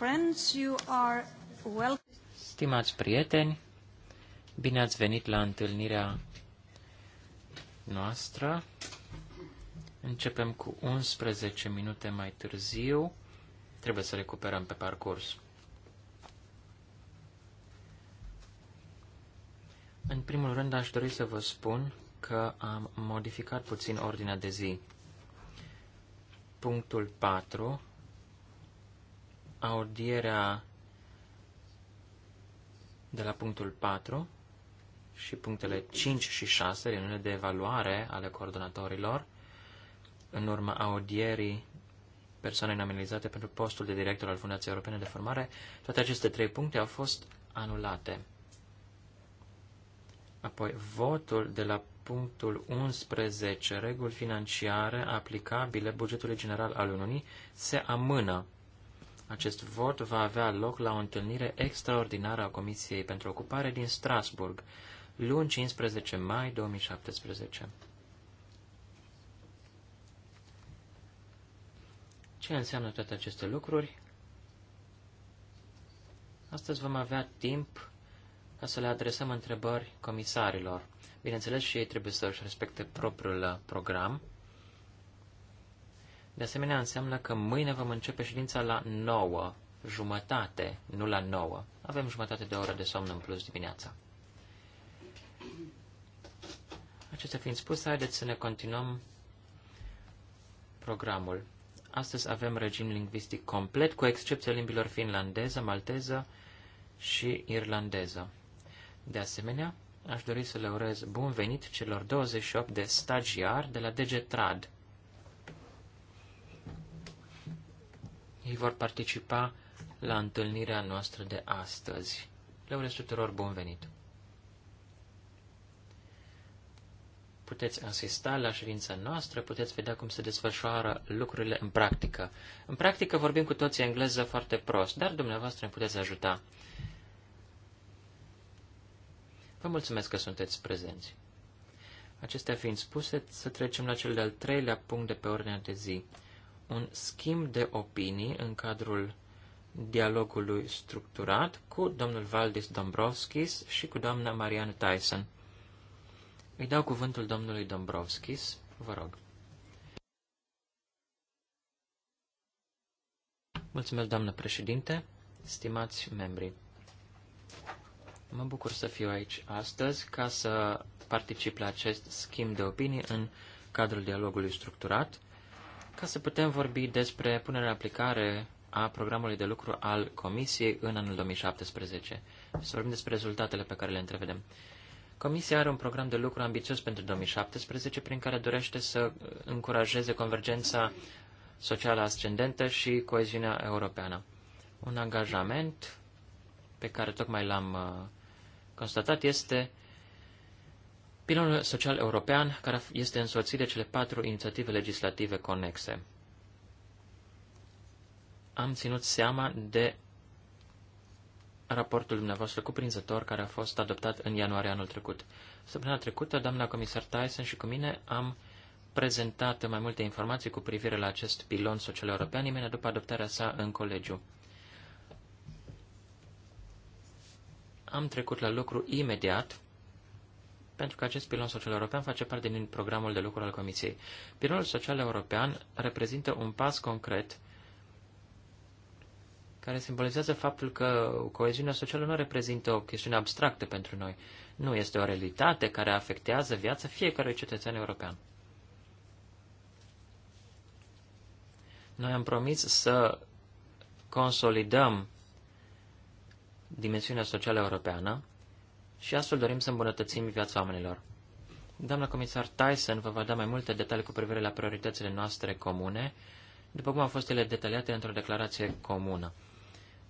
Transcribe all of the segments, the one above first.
friends, you are welcome. Stimați prieteni, bine ați venit la întâlnirea noastră. Începem cu 11 minute mai târziu. Trebuie să recuperăm pe parcurs. În primul rând aș dori să vă spun că am modificat puțin ordinea de zi. Punctul 4 audierea de la punctul 4 și punctele 5 și 6, reuniune de evaluare ale coordonatorilor, în urma audierii persoane nominalizate pentru postul de director al Fundației Europene de Formare, toate aceste trei puncte au fost anulate. Apoi, votul de la punctul 11, reguli financiare aplicabile bugetului general al Uniunii, se amână acest vot va avea loc la o întâlnire extraordinară a Comisiei pentru Ocupare din Strasburg, luni 15 mai 2017. Ce înseamnă toate aceste lucruri? Astăzi vom avea timp ca să le adresăm întrebări comisarilor. Bineînțeles, și ei trebuie să își respecte propriul uh, program. De asemenea, înseamnă că mâine vom începe ședința la 9, jumătate, nu la 9. Avem jumătate de oră de somn în plus dimineața. Acestea fiind spuse, haideți să ne continuăm programul. Astăzi avem regim lingvistic complet, cu excepția limbilor finlandeză, malteză și irlandeză. De asemenea, aș dori să le urez bun venit celor 28 de stagiari de la Degetrad. Ei vor participa la întâlnirea noastră de astăzi. Le urez tuturor bun venit! Puteți asista la ședința noastră, puteți vedea cum se desfășoară lucrurile în practică. În practică vorbim cu toții engleză foarte prost, dar dumneavoastră ne puteți ajuta. Vă mulțumesc că sunteți prezenți. Acestea fiind spuse, să trecem la cel de-al treilea punct de pe ordinea de zi un schimb de opinii în cadrul dialogului structurat cu domnul Valdis Dombrovskis și cu doamna Marianne Tyson. Îi dau cuvântul domnului Dombrovskis, vă rog. Mulțumesc, doamnă președinte, stimați membri. Mă bucur să fiu aici astăzi ca să particip la acest schimb de opinii în cadrul dialogului structurat ca să putem vorbi despre punerea în aplicare a programului de lucru al Comisiei în anul 2017. Să vorbim despre rezultatele pe care le întrevedem. Comisia are un program de lucru ambițios pentru 2017, prin care dorește să încurajeze convergența socială ascendentă și coeziunea europeană. Un angajament pe care tocmai l-am uh, constatat este Pilonul social european, care este însoțit de cele patru inițiative legislative conexe. Am ținut seama de raportul dumneavoastră cuprinzător care a fost adoptat în ianuarie anul trecut. Săptămâna trecută, doamna comisar Tyson și cu mine am prezentat mai multe informații cu privire la acest pilon social european imediat după adoptarea sa în colegiu. Am trecut la lucru imediat pentru că acest pilon social european face parte din programul de lucru al Comisiei. Pilonul social european reprezintă un pas concret care simbolizează faptul că coeziunea socială nu reprezintă o chestiune abstractă pentru noi. Nu este o realitate care afectează viața fiecărui cetățean european. Noi am promis să consolidăm dimensiunea socială europeană și astfel dorim să îmbunătățim viața oamenilor. Doamna comisar Tyson vă va da mai multe detalii cu privire la prioritățile noastre comune, după cum au fost ele detaliate într-o declarație comună.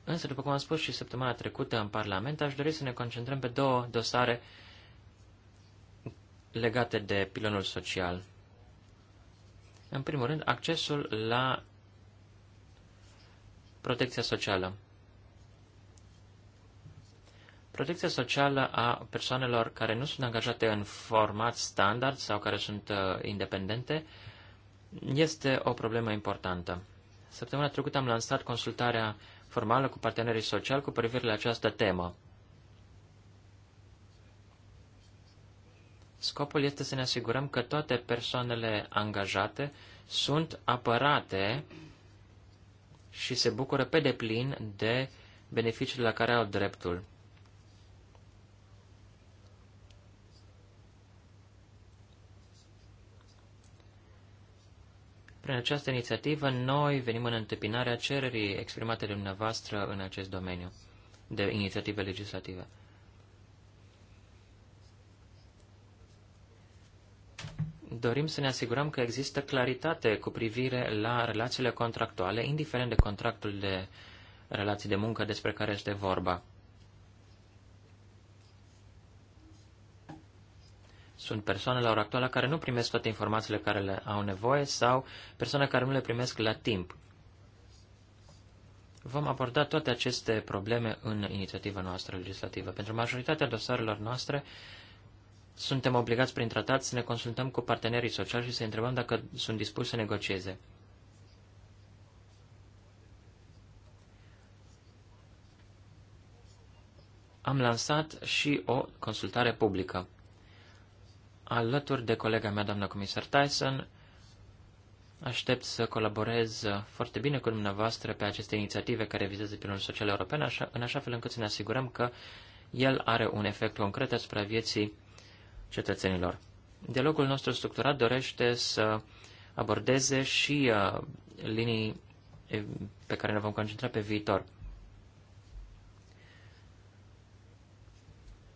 Însă, după cum am spus și săptămâna trecută în Parlament, aș dori să ne concentrăm pe două dosare legate de pilonul social. În primul rând, accesul la protecția socială. Protecția socială a persoanelor care nu sunt angajate în format standard sau care sunt uh, independente este o problemă importantă. Săptămâna trecută am lansat consultarea formală cu partenerii sociali cu privire la această temă. Scopul este să ne asigurăm că toate persoanele angajate sunt apărate și se bucură pe deplin de beneficiile la care au dreptul. Prin această inițiativă, noi venim în întâmpinarea cererii exprimate de dumneavoastră în acest domeniu de inițiative legislative. Dorim să ne asigurăm că există claritate cu privire la relațiile contractuale, indiferent de contractul de relații de muncă despre care este vorba. Sunt persoane la ora actuală care nu primesc toate informațiile care le au nevoie sau persoane care nu le primesc la timp. Vom aborda toate aceste probleme în inițiativa noastră legislativă. Pentru majoritatea dosarelor noastre, suntem obligați prin tratat să ne consultăm cu partenerii sociali și să întrebăm dacă sunt dispuși să negocieze. Am lansat și o consultare publică alături de colega mea, doamna comisar Tyson. Aștept să colaborez foarte bine cu dumneavoastră pe aceste inițiative care vizează pilonul social european, așa, în așa fel încât să ne asigurăm că el are un efect concret asupra vieții cetățenilor. Dialogul nostru structurat dorește să abordeze și uh, linii pe care ne vom concentra pe viitor.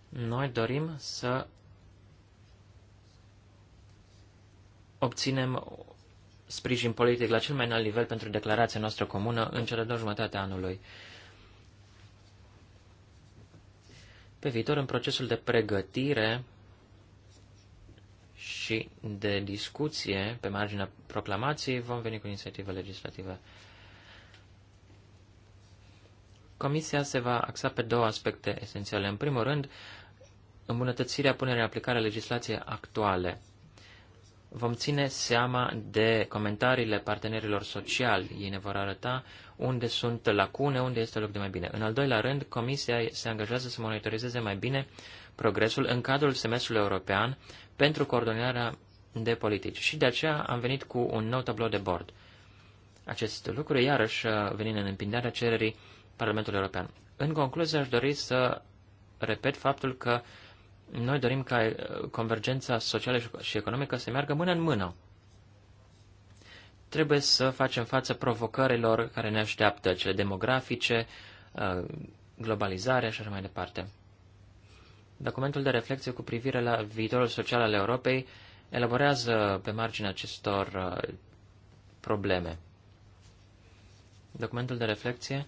Noi dorim să obținem sprijin politic la cel mai înalt nivel pentru declarația noastră comună în cele două jumătate a anului. Pe viitor, în procesul de pregătire și de discuție pe marginea proclamației, vom veni cu inițiative legislative. Comisia se va axa pe două aspecte esențiale. În primul rând, îmbunătățirea punerii în aplicare a legislației actuale. Vom ține seama de comentariile partenerilor sociali. Ei ne vor arăta unde sunt lacune, unde este loc de mai bine. În al doilea rând, Comisia se angajează să monitorizeze mai bine progresul în cadrul semestrului european pentru coordonarea de politici. Și de aceea am venit cu un nou tablou de bord. Acest lucru, iarăși, venind în împinderea cererii Parlamentului European. În concluzie, aș dori să repet faptul că noi dorim ca eh, convergența socială și economică să meargă mână în mână. Trebuie să facem față provocărilor care ne așteaptă, cele demografice, eh, globalizarea și așa mai departe. Documentul de reflexie cu privire la viitorul social al Europei elaborează pe marginea acestor eh, probleme. Documentul de reflexie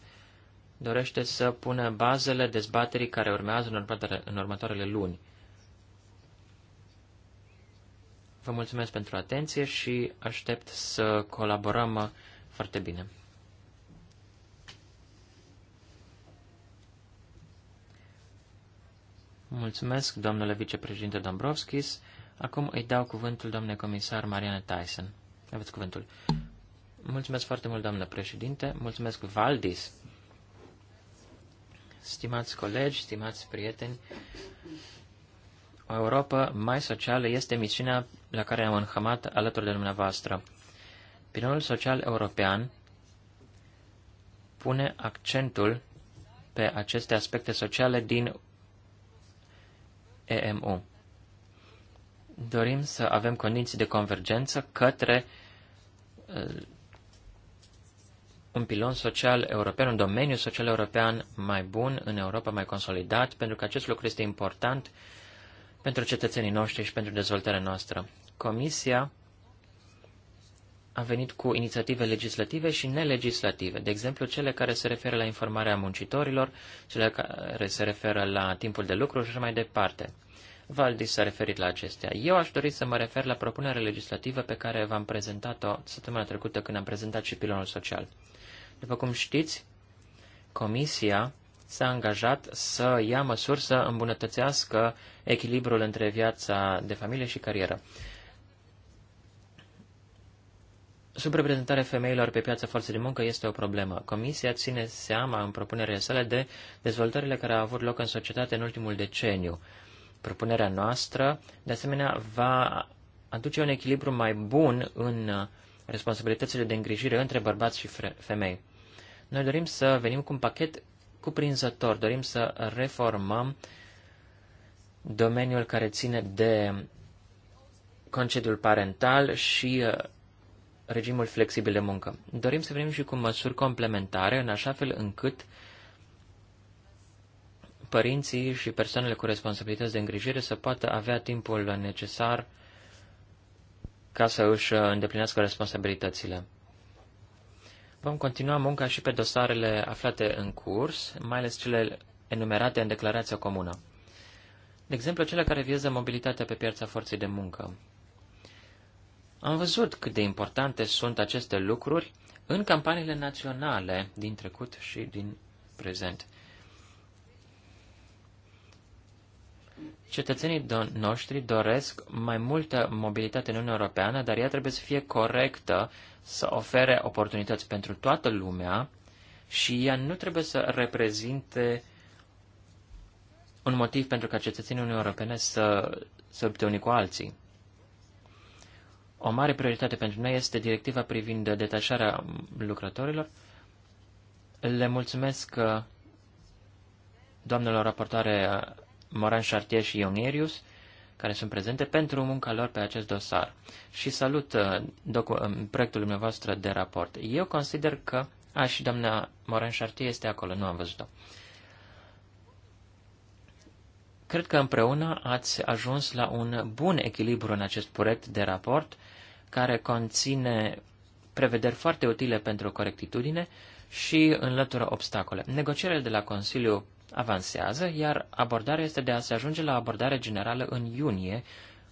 dorește să pună bazele dezbaterii care urmează în în următoarele luni. Vă mulțumesc pentru atenție și aștept să colaborăm foarte bine. Mulțumesc, domnule vicepreședinte Dombrovskis. Acum îi dau cuvântul domnule comisar Marianne Tyson. Aveți cuvântul. Mulțumesc foarte mult, doamnă președinte. Mulțumesc, Valdis. Stimați colegi, stimați prieteni, o Europa mai socială este misiunea la care am înhămat alături de dumneavoastră. Pilonul social european pune accentul pe aceste aspecte sociale din EMU. Dorim să avem condiții de convergență către uh, un pilon social european, un domeniu social european mai bun în Europa, mai consolidat, pentru că acest lucru este important pentru cetățenii noștri și pentru dezvoltarea noastră. Comisia a venit cu inițiative legislative și nelegislative, de exemplu cele care se referă la informarea muncitorilor, cele care se referă la timpul de lucru și așa mai departe. Valdis s-a referit la acestea. Eu aș dori să mă refer la propunerea legislativă pe care v-am prezentat-o săptămâna trecută când am prezentat și pilonul social. După cum știți, Comisia s-a angajat să ia măsuri să îmbunătățească echilibrul între viața de familie și carieră. Subreprezentarea femeilor pe piața forței de muncă este o problemă. Comisia ține seama în propunerea sale de dezvoltările care au avut loc în societate în ultimul deceniu. Propunerea noastră, de asemenea, va aduce un echilibru mai bun în responsabilitățile de îngrijire între bărbați și femei. Noi dorim să venim cu un pachet cuprinzător. Dorim să reformăm domeniul care ține de concediul parental și uh, regimul flexibil de muncă. Dorim să venim și cu măsuri complementare, în așa fel încât părinții și persoanele cu responsabilități de îngrijire să poată avea timpul necesar ca să își îndeplinească responsabilitățile. Vom continua munca și pe dosarele aflate în curs, mai ales cele enumerate în declarația comună. De exemplu, cele care vizează mobilitatea pe piața forței de muncă. Am văzut cât de importante sunt aceste lucruri în campaniile naționale din trecut și din prezent. Cetățenii do- noștri doresc mai multă mobilitate în Uniunea Europeană, dar ea trebuie să fie corectă să ofere oportunități pentru toată lumea și ea nu trebuie să reprezinte un motiv pentru ca cetățenii Uniunii Europene să se opte unii cu alții. O mare prioritate pentru noi este directiva privind detașarea lucrătorilor. Le mulțumesc uh, doamnelor raportare uh, Moran Chartier și Ionierius care sunt prezente pentru munca lor pe acest dosar și salut uh, um, proiectul dumneavoastră de raport. Eu consider că, a, și doamna Moran Chartier este acolo, nu am văzut-o. Cred că împreună ați ajuns la un bun echilibru în acest proiect de raport, care conține prevederi foarte utile pentru corectitudine și înlătură obstacole. Negocierile de la Consiliu avansează, iar abordarea este de a se ajunge la abordare generală în iunie,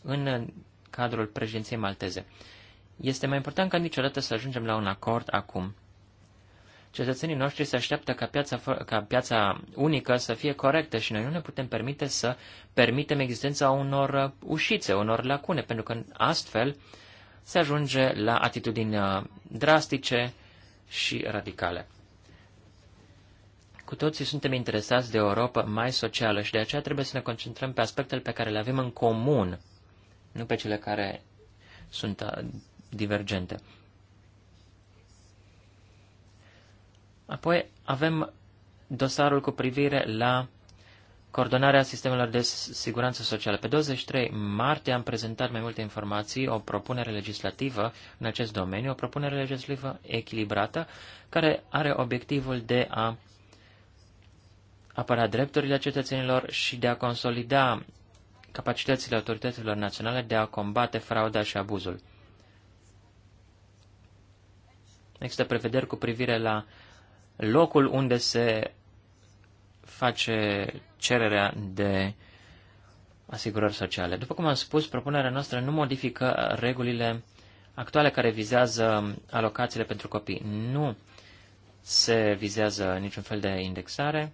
în cadrul președinției malteze. Este mai important ca niciodată să ajungem la un acord acum. Cetățenii noștri se așteaptă ca piața, ca piața unică să fie corectă și noi nu ne putem permite să permitem existența unor uh, ușițe, unor lacune, pentru că astfel se ajunge la atitudini uh, drastice și radicale. Cu toții suntem interesați de o Europa mai socială și de aceea trebuie să ne concentrăm pe aspectele pe care le avem în comun, nu pe cele care sunt uh, divergente. Apoi avem dosarul cu privire la coordonarea sistemelor de siguranță socială. Pe 23 martie am prezentat mai multe informații, o propunere legislativă în acest domeniu, o propunere legislativă echilibrată, care are obiectivul de a apăra drepturile cetățenilor și de a consolida capacitățile autorităților naționale de a combate frauda și abuzul. Există prevederi cu privire la locul unde se face cererea de asigurări sociale. După cum am spus, propunerea noastră nu modifică regulile actuale care vizează alocațiile pentru copii. Nu se vizează niciun fel de indexare,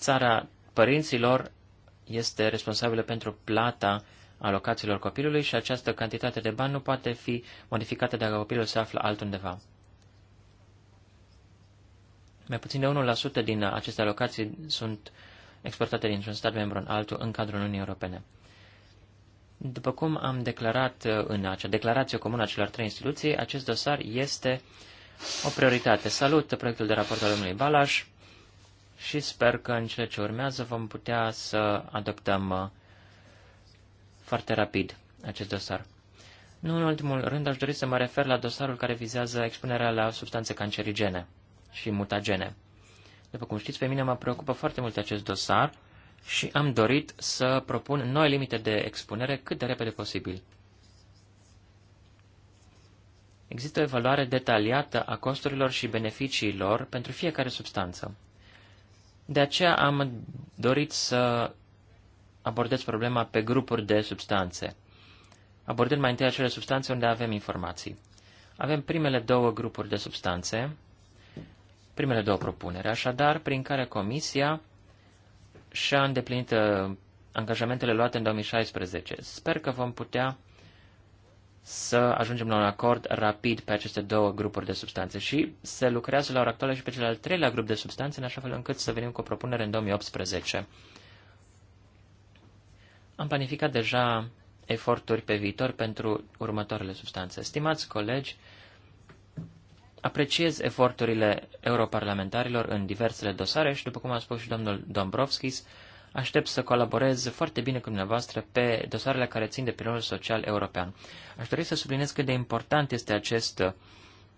țara părinților este responsabilă pentru plata alocațiilor copilului și această cantitate de bani nu poate fi modificată dacă copilul se află altundeva. Mai puțin de 1% din aceste alocații sunt exportate dintr-un stat membru în altul în cadrul Uniunii Europene. După cum am declarat în acea declarație comună a celor trei instituții, acest dosar este o prioritate. Salut proiectul de raport al domnului Balaș și sper că în cele ce urmează vom putea să adoptăm uh, foarte rapid acest dosar. Nu în ultimul rând aș dori să mă refer la dosarul care vizează expunerea la substanțe cancerigene și mutagene. După cum știți, pe mine mă preocupă foarte mult acest dosar și am dorit să propun noi limite de expunere cât de repede posibil. Există o evaluare detaliată a costurilor și beneficiilor pentru fiecare substanță. De aceea am dorit să abordez problema pe grupuri de substanțe, abordând mai întâi acele substanțe unde avem informații. Avem primele două grupuri de substanțe, primele două propuneri, așadar, prin care Comisia și-a îndeplinit uh, angajamentele luate în 2016. Sper că vom putea să ajungem la un acord rapid pe aceste două grupuri de substanțe și se lucrează la ora actuală și pe cel al treilea grup de substanțe, în așa fel încât să venim cu o propunere în 2018. Am planificat deja eforturi pe viitor pentru următoarele substanțe. Stimați colegi, apreciez eforturile europarlamentarilor în diversele dosare și, după cum a spus și domnul Dombrovskis, Aștept să colaborez foarte bine cu dumneavoastră pe dosarele care țin de pilonul social european. Aș dori să subliniez cât de important este acest uh,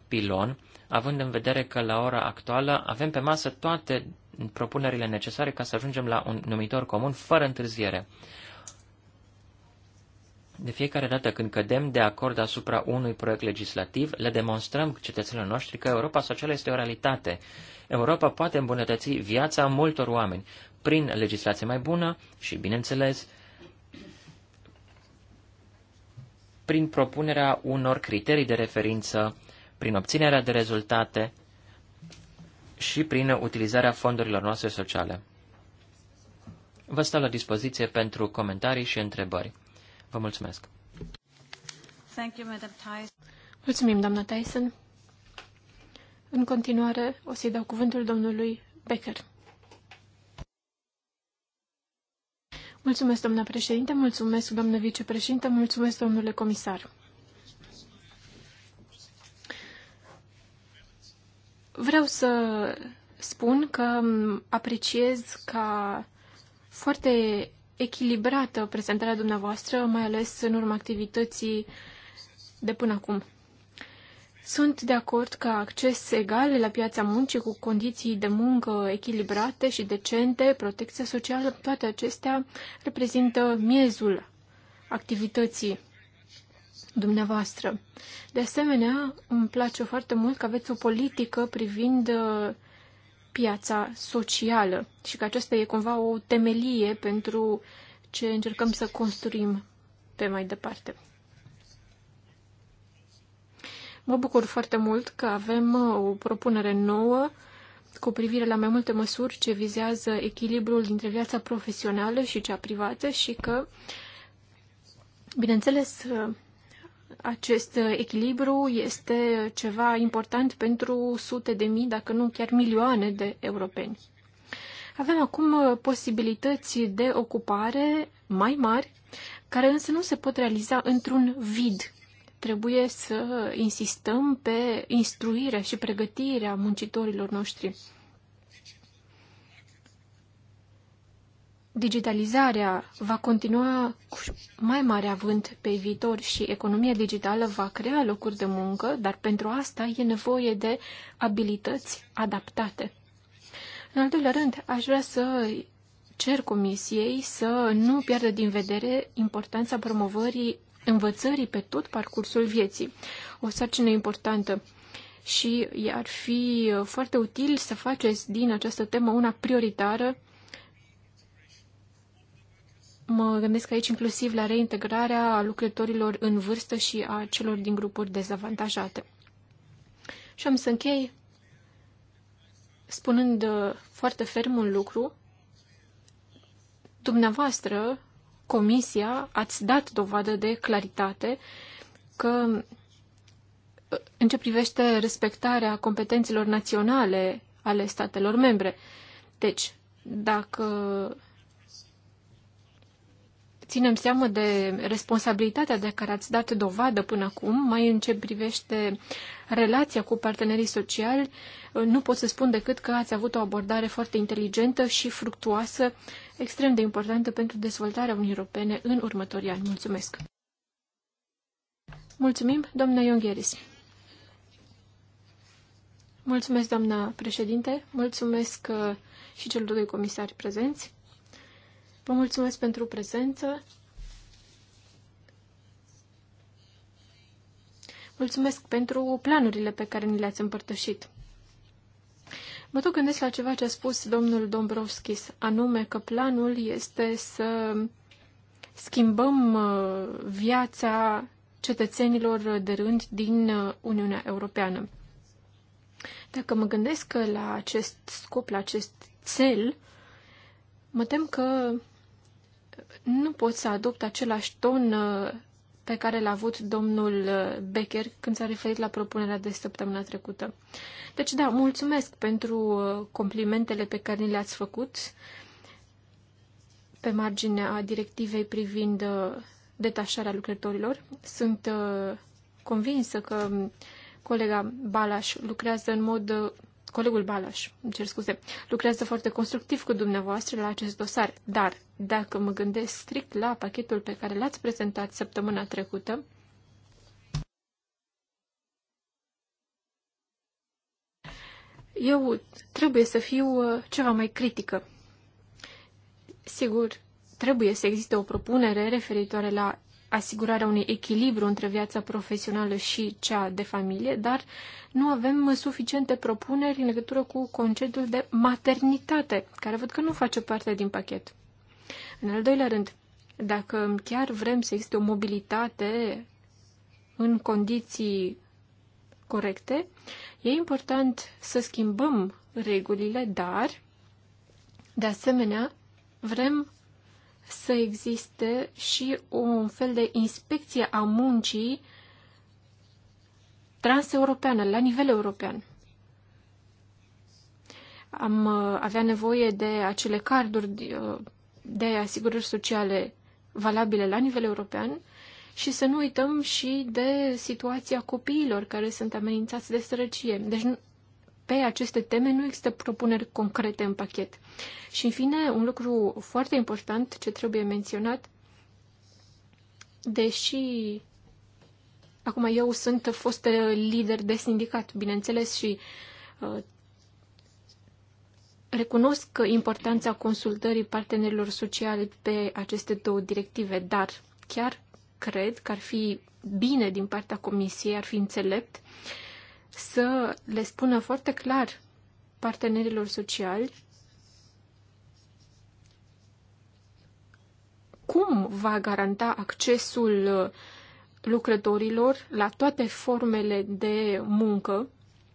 pilon, având în vedere că la ora actuală avem pe masă toate propunerile necesare ca să ajungem la un numitor comun fără întârziere. De fiecare dată când cădem de acord asupra unui proiect legislativ, le demonstrăm cetățenilor noștri că Europa socială este o realitate. Europa poate îmbunătăți viața multor oameni prin legislație mai bună și, bineînțeles, prin propunerea unor criterii de referință, prin obținerea de rezultate și prin utilizarea fondurilor noastre sociale. Vă stau la dispoziție pentru comentarii și întrebări. Vă mulțumesc! Thank you, Madam Mulțumim, doamna Tyson. În continuare, o să-i dau cuvântul domnului Becker. Mulțumesc, doamna președinte, mulțumesc, doamnă vicepreședinte, mulțumesc, domnule comisar. Vreau să spun că apreciez ca foarte echilibrată prezentarea dumneavoastră, mai ales în urma activității de până acum. Sunt de acord că acces egal la piața muncii cu condiții de muncă echilibrate și decente, protecția socială, toate acestea reprezintă miezul activității dumneavoastră. De asemenea, îmi place foarte mult că aveți o politică privind uh, piața socială și că aceasta e cumva o temelie pentru ce încercăm să construim pe mai departe. Mă bucur foarte mult că avem uh, o propunere nouă cu privire la mai multe măsuri ce vizează echilibrul dintre viața profesională și cea privată și că, bineînțeles, uh, acest echilibru este ceva important pentru sute de mii, dacă nu chiar milioane de europeni. Avem acum uh, posibilități de ocupare mai mari, care însă nu se pot realiza într-un vid trebuie să insistăm pe instruirea și pregătirea muncitorilor noștri. Digitalizarea va continua cu mai mare avânt pe viitor și economia digitală va crea locuri de muncă, dar pentru asta e nevoie de abilități adaptate. În al doilea rând, aș vrea să cer Comisiei să nu piardă din vedere importanța promovării învățării pe tot parcursul vieții. O sarcină importantă și ar fi foarte util să faceți din această temă una prioritară. Mă gândesc aici inclusiv la reintegrarea lucrătorilor în vârstă și a celor din grupuri dezavantajate. Și am să închei spunând foarte ferm un lucru. Dumneavoastră, Comisia ați dat dovadă de claritate că în ce privește respectarea competențelor naționale ale statelor membre. Deci, dacă ținem seama de responsabilitatea de care ați dat dovadă până acum, mai în ce privește relația cu partenerii sociali, nu pot să spun decât că ați avut o abordare foarte inteligentă și fructuoasă extrem de importantă pentru dezvoltarea Uniunii Europene în următorii ani. Mulțumesc! Mulțumim, doamna Iongheris! Mulțumesc, doamna președinte, mulțumesc uh, și celor doi comisari prezenți. Vă mulțumesc pentru prezență. Mulțumesc pentru planurile pe care ni le-ați împărtășit. Mă tot gândesc la ceva ce a spus domnul Dombrovskis, anume că planul este să schimbăm uh, viața cetățenilor de rând din uh, Uniunea Europeană. Dacă mă gândesc la acest scop, la acest cel, mă tem că nu pot să adopt același ton uh, pe care l-a avut domnul uh, Becker când s-a referit la propunerea de săptămâna trecută. Deci, da, mulțumesc pentru uh, complimentele pe care ni le-ați făcut pe marginea directivei privind uh, detașarea lucrătorilor. Sunt convinsă că colega Balaș lucrează în mod colegul Balas, îmi cer scuze, lucrează foarte constructiv cu dumneavoastră la acest dosar, dar dacă mă gândesc strict la pachetul pe care l-ați prezentat săptămâna trecută, eu trebuie să fiu uh, ceva mai critică. Sigur, trebuie să existe o propunere referitoare la asigurarea unui echilibru între viața profesională și cea de familie, dar nu avem suficiente propuneri în legătură cu concediul de maternitate, care văd că nu face parte din pachet. În al doilea rând, dacă chiar vrem să existe o mobilitate în condiții corecte, e important să schimbăm regulile, dar, de asemenea, vrem să existe și un fel de inspecție a muncii transeuropeană, la nivel european. Am uh, avea nevoie de acele carduri uh, de asigurări sociale valabile la nivel european și să nu uităm și de situația copiilor care sunt amenințați de sărăcie. Deci pe aceste teme nu există propuneri concrete în pachet. Și, în fine, un lucru foarte important ce trebuie menționat, deși acum eu sunt fost lider de sindicat, bineînțeles, și uh, recunosc importanța consultării partenerilor sociale pe aceste două directive, dar chiar cred că ar fi bine din partea Comisiei, ar fi înțelept uh, să le spună foarte clar partenerilor sociali cum va garanta accesul uh, lucrătorilor la toate formele de muncă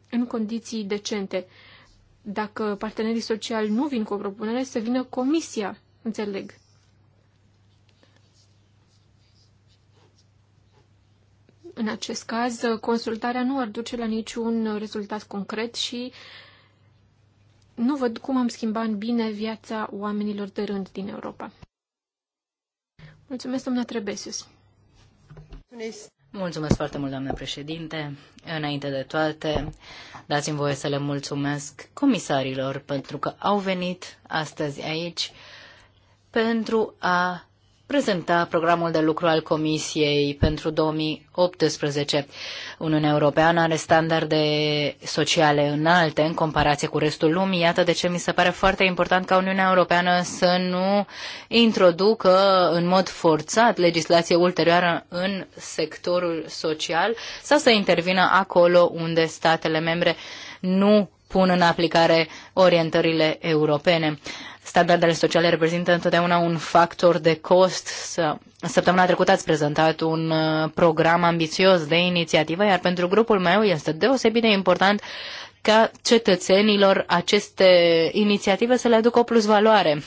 în condiții decente. Dacă partenerii sociali nu vin cu o propunere, să vină comisia, înțeleg. În acest caz, consultarea nu ar duce la niciun rezultat concret și nu văd cum am schimbat în bine viața oamenilor de rând din Europa. Mulțumesc, doamna Trebesius. Mulțumesc foarte mult, doamnă președinte. Înainte de toate, dați-mi voie să le mulțumesc comisarilor pentru că au venit astăzi aici pentru a prezenta programul de lucru al Comisiei pentru 2018. Uniunea Europeană are standarde sociale înalte în comparație cu restul lumii. Iată de ce mi se pare foarte important ca Uniunea Europeană să nu introducă în mod forțat legislație ulterioară în sectorul social sau să intervină acolo unde statele membre nu pun în aplicare orientările europene. Standardele sociale reprezintă întotdeauna un factor de cost. Săptămâna trecută ați prezentat un uh, program ambițios de inițiativă, iar pentru grupul meu este deosebit de important ca cetățenilor aceste inițiative să le aducă o plus valoare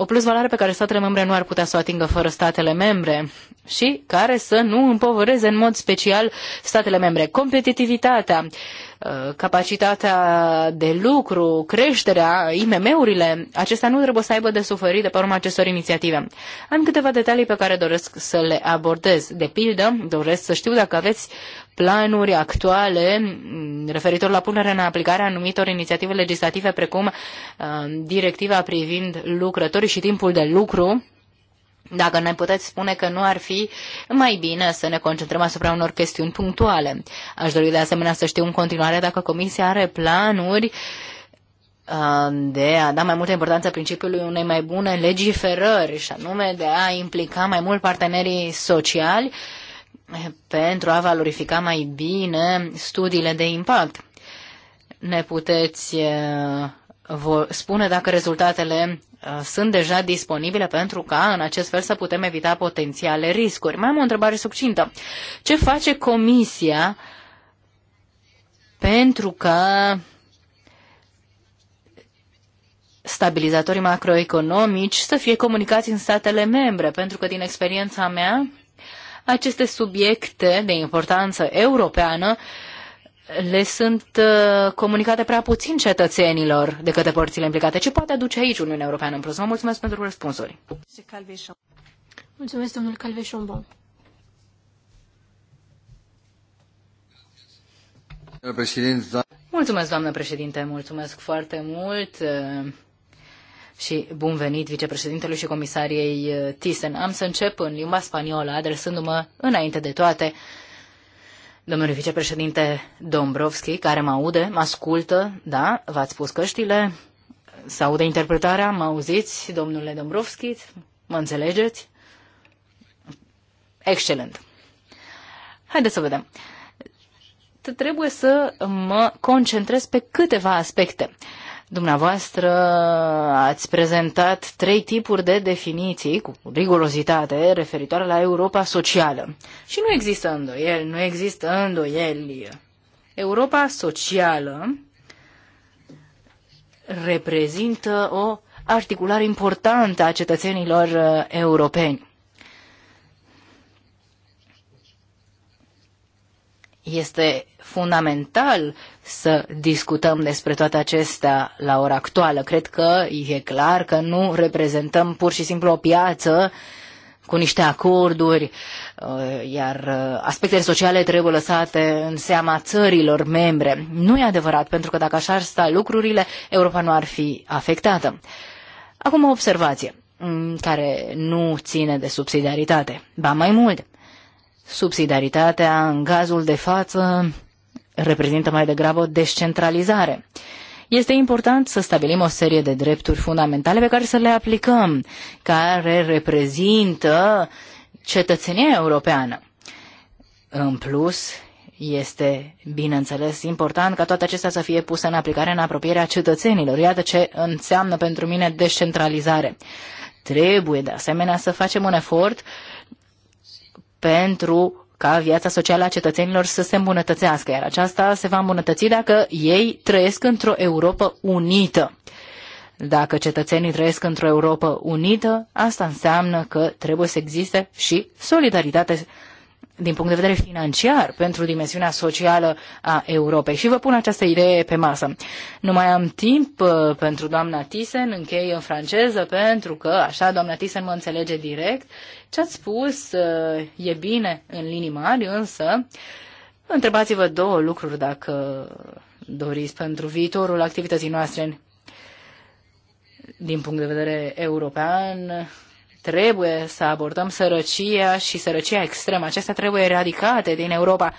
o plusvaloare pe care statele membre nu ar putea să o atingă fără statele membre și care să nu împovăreze în mod special statele membre. Competitivitatea, uh, capacitatea de lucru, creșterea, IMM-urile, acestea nu trebuie să aibă de suferit de pe urma acestor inițiative. Am câteva detalii pe care doresc să le abordez. De pildă, doresc să știu dacă aveți planuri actuale referitor la punerea în aplicare a anumitor inițiative legislative, precum uh, directiva privind lucrătorii și timpul de lucru, dacă ne puteți spune că nu ar fi mai bine să ne concentrăm asupra unor chestiuni punctuale. Aș dori de asemenea să știu în continuare dacă Comisia are planuri uh, de a da mai multă importanță principiului unei mai bune legiferări și anume de a implica mai mult partenerii sociali uh, pentru a valorifica mai bine studiile de impact. Ne puteți uh, spune dacă rezultatele uh, sunt deja disponibile pentru ca în acest fel să putem evita potențiale riscuri. Mai am o întrebare succintă. Ce face Comisia pentru ca stabilizatorii macroeconomici să fie comunicați în statele membre? Pentru că din experiența mea aceste subiecte de importanță europeană le sunt uh, comunicate prea puțin cetățenilor de către părțile implicate. Ce poate aduce aici Uniunea Europeană în plus? Vă mulțumesc pentru răspunsuri. Mulțumesc, domnul Calveșombon. Da. Mulțumesc, doamnă președinte, mulțumesc foarte mult uh, și bun venit vicepreședintelui și comisariei uh, Thyssen. Am să încep în limba spaniolă, adresându-mă înainte de toate domnului vicepreședinte Dombrovski, care mă aude, mă ascultă, da, v-ați pus căștile, se aude interpretarea, mă auziți, domnule Dombrovski, mă înțelegeți? Excelent. Haideți să vedem. Trebuie să mă concentrez pe câteva aspecte. Uh, Dumneavoastră ați prezentat trei tipuri de definiții cu rigurozitate referitoare la Europa socială. Și nu există îndoieli, nu există îndoieli. Europa socială reprezintă o articulare importantă a cetățenilor uh, europeni. Este fundamental să discutăm despre toate acestea la ora actuală. Cred că e clar că nu reprezentăm pur și simplu o piață cu niște acorduri, uh, iar uh, aspectele sociale trebuie lăsate în seama țărilor membre. Nu e adevărat, pentru că dacă așa ar sta lucrurile, Europa nu ar fi afectată. Acum o observație mm, care nu ține de subsidiaritate. Ba mai mult, Subsidiaritatea, în cazul de față, reprezintă mai degrabă o descentralizare. Este important să stabilim o serie de drepturi fundamentale pe care să le aplicăm, care reprezintă cetățenia europeană. În plus, este, bineînțeles, important ca toate acestea să fie puse în aplicare în apropierea cetățenilor. Iată ce înseamnă pentru mine descentralizare. Trebuie, de asemenea, să facem un efort pentru ca viața socială a cetățenilor să se îmbunătățească, iar aceasta se va îmbunătăți dacă ei trăiesc într-o Europa unită. Dacă cetățenii trăiesc într-o Europa unită, asta înseamnă că trebuie să existe și solidaritate din punct de vedere financiar pentru dimensiunea socială a Europei. Și vă pun această idee pe masă. Nu mai am timp uh, pentru doamna Thyssen, închei în franceză, pentru că așa doamna Thyssen mă înțelege direct. Ce ați spus uh, e bine în linii mari, însă întrebați-vă două lucruri dacă doriți pentru viitorul activității noastre din punct de vedere european, Trebuie să abordăm sărăcia și sărăcia extremă. Acestea trebuie eradicate din Europa.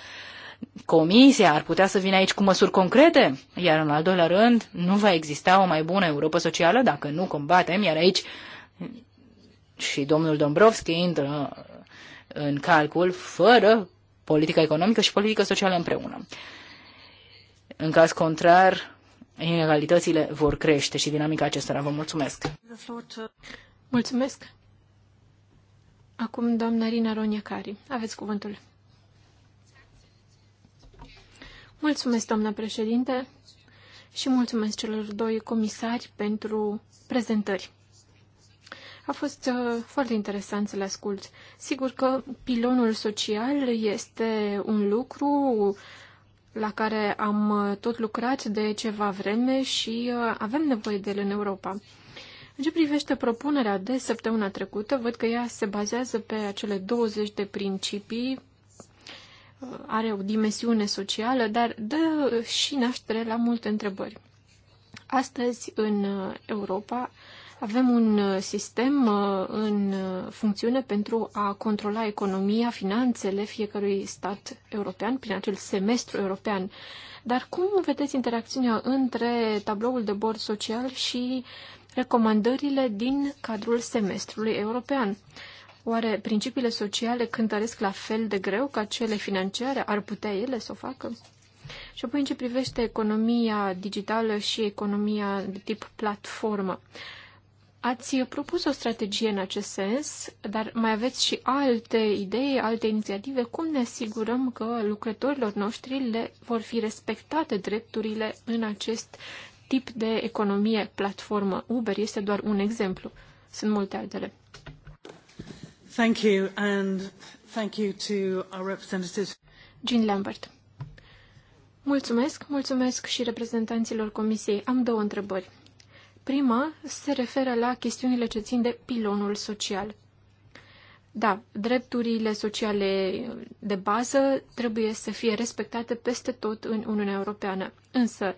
Comisia ar putea să vină aici cu măsuri concrete, iar în al doilea rând nu va exista o mai bună Europa socială dacă nu combatem, iar aici și domnul Dombrovski intră în calcul fără politica economică și politica socială împreună. În caz contrar, inegalitățile vor crește și dinamica acestora. Vă mulțumesc! Mulțumesc! Acum, doamna Rina Roniacari, aveți cuvântul. Mulțumesc, doamna președinte, și mulțumesc celor doi comisari pentru prezentări. A fost uh, foarte interesant să le ascult. Sigur că pilonul social este un lucru la care am uh, tot lucrat de ceva vreme și uh, avem nevoie de el în Europa. În ce privește propunerea de săptămâna trecută, văd că ea se bazează pe acele 20 de principii, uh, are o dimensiune socială, dar dă și naștere la multe întrebări. Astăzi, în uh, Europa, avem un uh, sistem în funcțiune pentru a controla economia, finanțele fiecărui stat european prin acel semestru european. Dar cum vedeți interacțiunea între tabloul de bord social și uh, recomandările din cadrul semestrului european. Oare principiile sociale cântăresc la fel de greu ca cele financiare? Ar putea ele să o facă? Și apoi în ce privește economia digitală și economia de tip platformă. Ați propus o strategie în acest sens, dar mai aveți și alte idei, alte inițiative. Cum ne asigurăm că lucrătorilor noștri le vor fi respectate drepturile în acest tip de economie platformă Uber este doar un exemplu. Sunt multe altele. Thank you and thank you to our representatives. Jean Lambert. Mulțumesc, mulțumesc și reprezentanților comisiei. Am două întrebări. Prima se referă la chestiunile ce țin de pilonul social. Da, drepturile sociale de bază trebuie să fie respectate peste tot în Uniunea Europeană. Însă,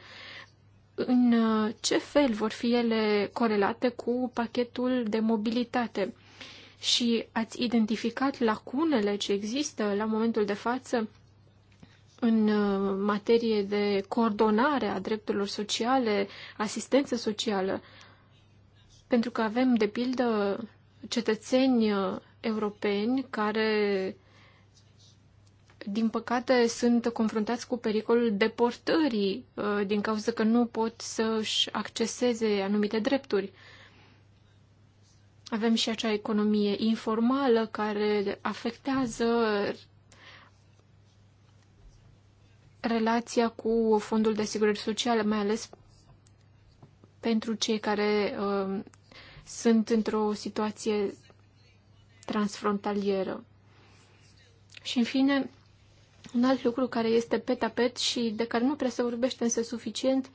în uh, ce fel vor fi ele corelate cu pachetul de mobilitate? Și ați identificat lacunele ce există la momentul de față în uh, materie de coordonare a drepturilor sociale, asistență socială? Pentru că avem, de pildă, cetățeni uh, europeni care din păcate, sunt confruntați cu pericolul deportării uh, din cauza că nu pot să-și acceseze anumite drepturi. Avem și acea economie informală care afectează relația cu fondul de asigurări sociale, mai ales pentru cei care uh, sunt într-o situație transfrontalieră. Și în fine, un alt lucru care este pe tapet și de care nu prea se vorbește însă suficient,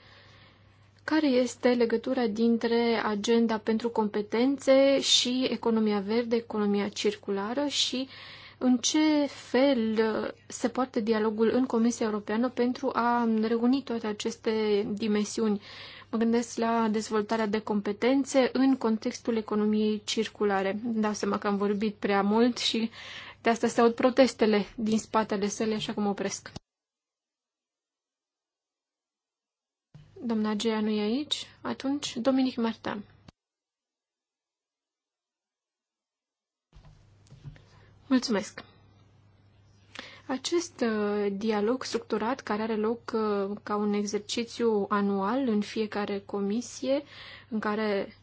care este legătura dintre agenda pentru competențe și economia verde, economia circulară și în ce fel uh, se poartă dialogul în Comisia Europeană pentru a reuni toate aceste dimensiuni. Mă gândesc la dezvoltarea de competențe în contextul economiei circulare. Dau seama că am vorbit prea mult și de asta se aud protestele din spatele sale, așa cum opresc. Doamna Gea nu e aici? Atunci, Dominic Martin. Mulțumesc! Acest uh, dialog structurat care are loc uh, ca un exercițiu anual în fiecare comisie în care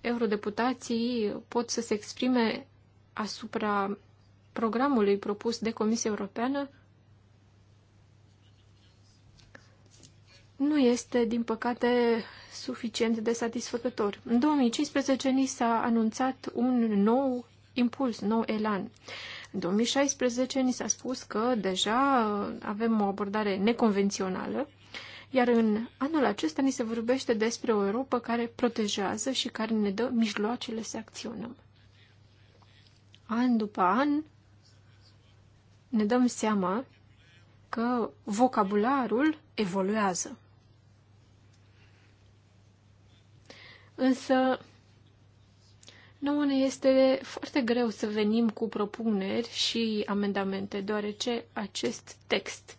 eurodeputații pot să se exprime asupra programului propus de Comisia Europeană nu este, din păcate, suficient de satisfăcător. În 2015 ni s-a anunțat un nou impuls, nou elan. În 2016 ni s-a spus că deja avem o abordare neconvențională, iar în anul acesta ni se vorbește despre o Europa care protejează și care ne dă mijloacele să acționăm. An după an, ne dăm seama că vocabularul evoluează. Însă, nouă ne este foarte greu să venim cu propuneri și amendamente, deoarece acest text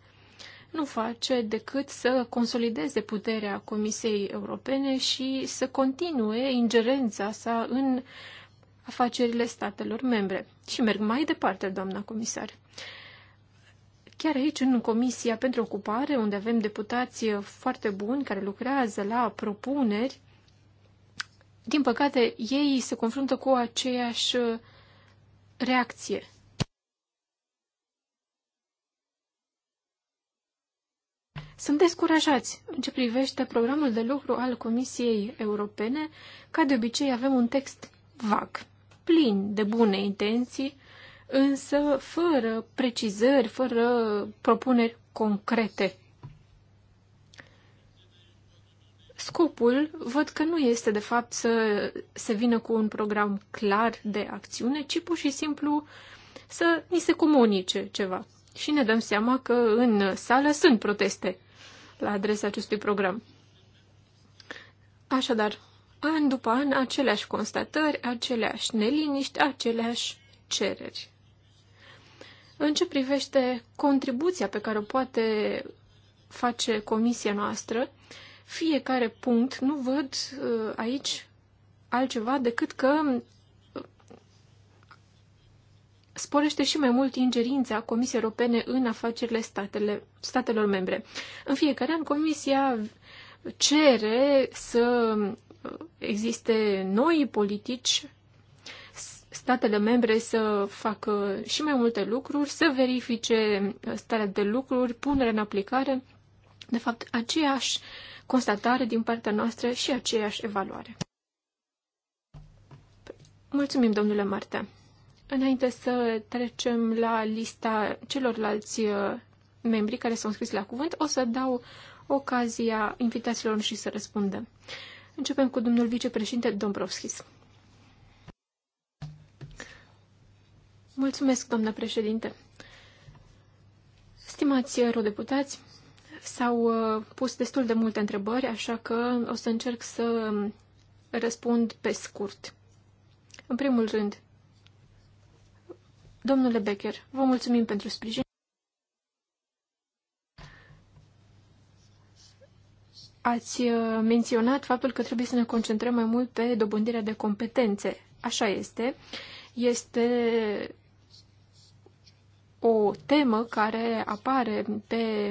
nu face decât să consolideze puterea Comisiei Europene și să continue ingerența sa în afacerile statelor membre. Și merg mai departe, doamna comisar. Chiar aici, în Comisia pentru Ocupare, unde avem deputați foarte buni care lucrează la propuneri, din păcate, ei se confruntă cu aceeași reacție. Sunt descurajați în ce privește programul de lucru al Comisiei Europene. Ca de obicei, avem un text vag, plin de bune intenții, însă fără precizări, fără propuneri concrete. Scopul văd că nu este de fapt să se vină cu un program clar de acțiune, ci pur și simplu să ni se comunice ceva. Și ne dăm seama că în sală sunt proteste la adresa acestui program. Așadar, an după an, aceleași constatări, aceleași neliniști, aceleași cereri. În ce privește contribuția pe care o poate face comisia noastră, fiecare punct, nu văd uh, aici altceva decât că uh, sporește și mai mult ingerința Comisiei Europene în afacerile statele, statelor membre. În fiecare an, Comisia cere să uh, existe noi politici statele membre să facă și mai multe lucruri, să verifice starea de lucruri, punerea în aplicare. De fapt, aceeași constatare din partea noastră și aceeași evaluare. Mulțumim, domnule Marte. Înainte să trecem la lista celorlalți uh, membri care s-au scris la cuvânt, o să dau ocazia invitațiilor și să răspundă. Începem cu domnul vicepreședinte Dombrovskis. Mulțumesc, doamnă președinte. Stimați eurodeputați, s-au uh, pus destul de multe întrebări, așa că o să încerc să răspund pe scurt. În primul rând, domnule Becker, vă mulțumim pentru sprijin. Ați uh, menționat faptul că trebuie să ne concentrăm mai mult pe dobândirea de competențe. Așa este. Este o temă care apare pe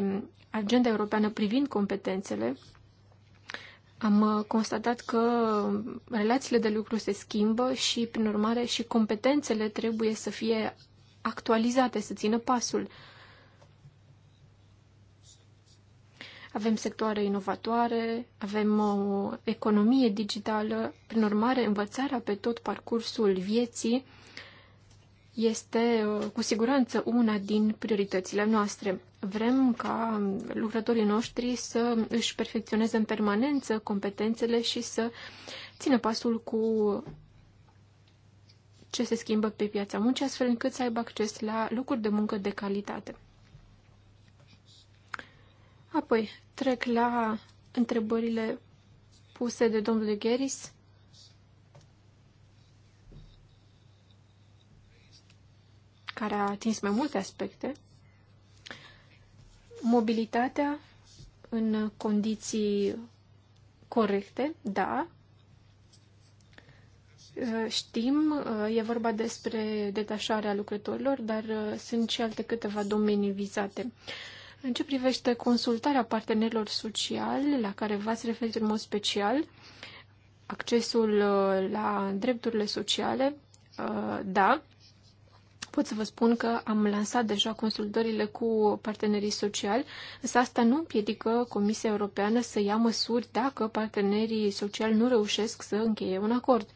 agenda europeană privind competențele. Am uh, constatat că relațiile de lucru se schimbă și, prin urmare, și competențele trebuie să fie actualizate, să țină pasul. Avem sectoare inovatoare, avem o uh, economie digitală, prin urmare, învățarea pe tot parcursul vieții este uh, cu siguranță una din prioritățile noastre. Vrem ca lucrătorii noștri să își perfecționeze în permanență competențele și să țină pasul cu ce se schimbă pe piața muncii, astfel încât să aibă acces la locuri de muncă de calitate. Apoi, trec la întrebările puse de domnul Gheris care a atins mai multe aspecte. Mobilitatea în condiții corecte, da. Uh, știm, uh, e vorba despre detașarea lucrătorilor, dar uh, sunt și alte câteva domenii vizate. În ce privește consultarea partenerilor sociali, la care v-ați referit în mod special, accesul la drepturile sociale, da, Pot să vă spun că am lansat deja consultările cu partenerii sociali, însă asta nu împiedică Comisia Europeană să ia măsuri dacă partenerii sociali nu reușesc să încheie un acord.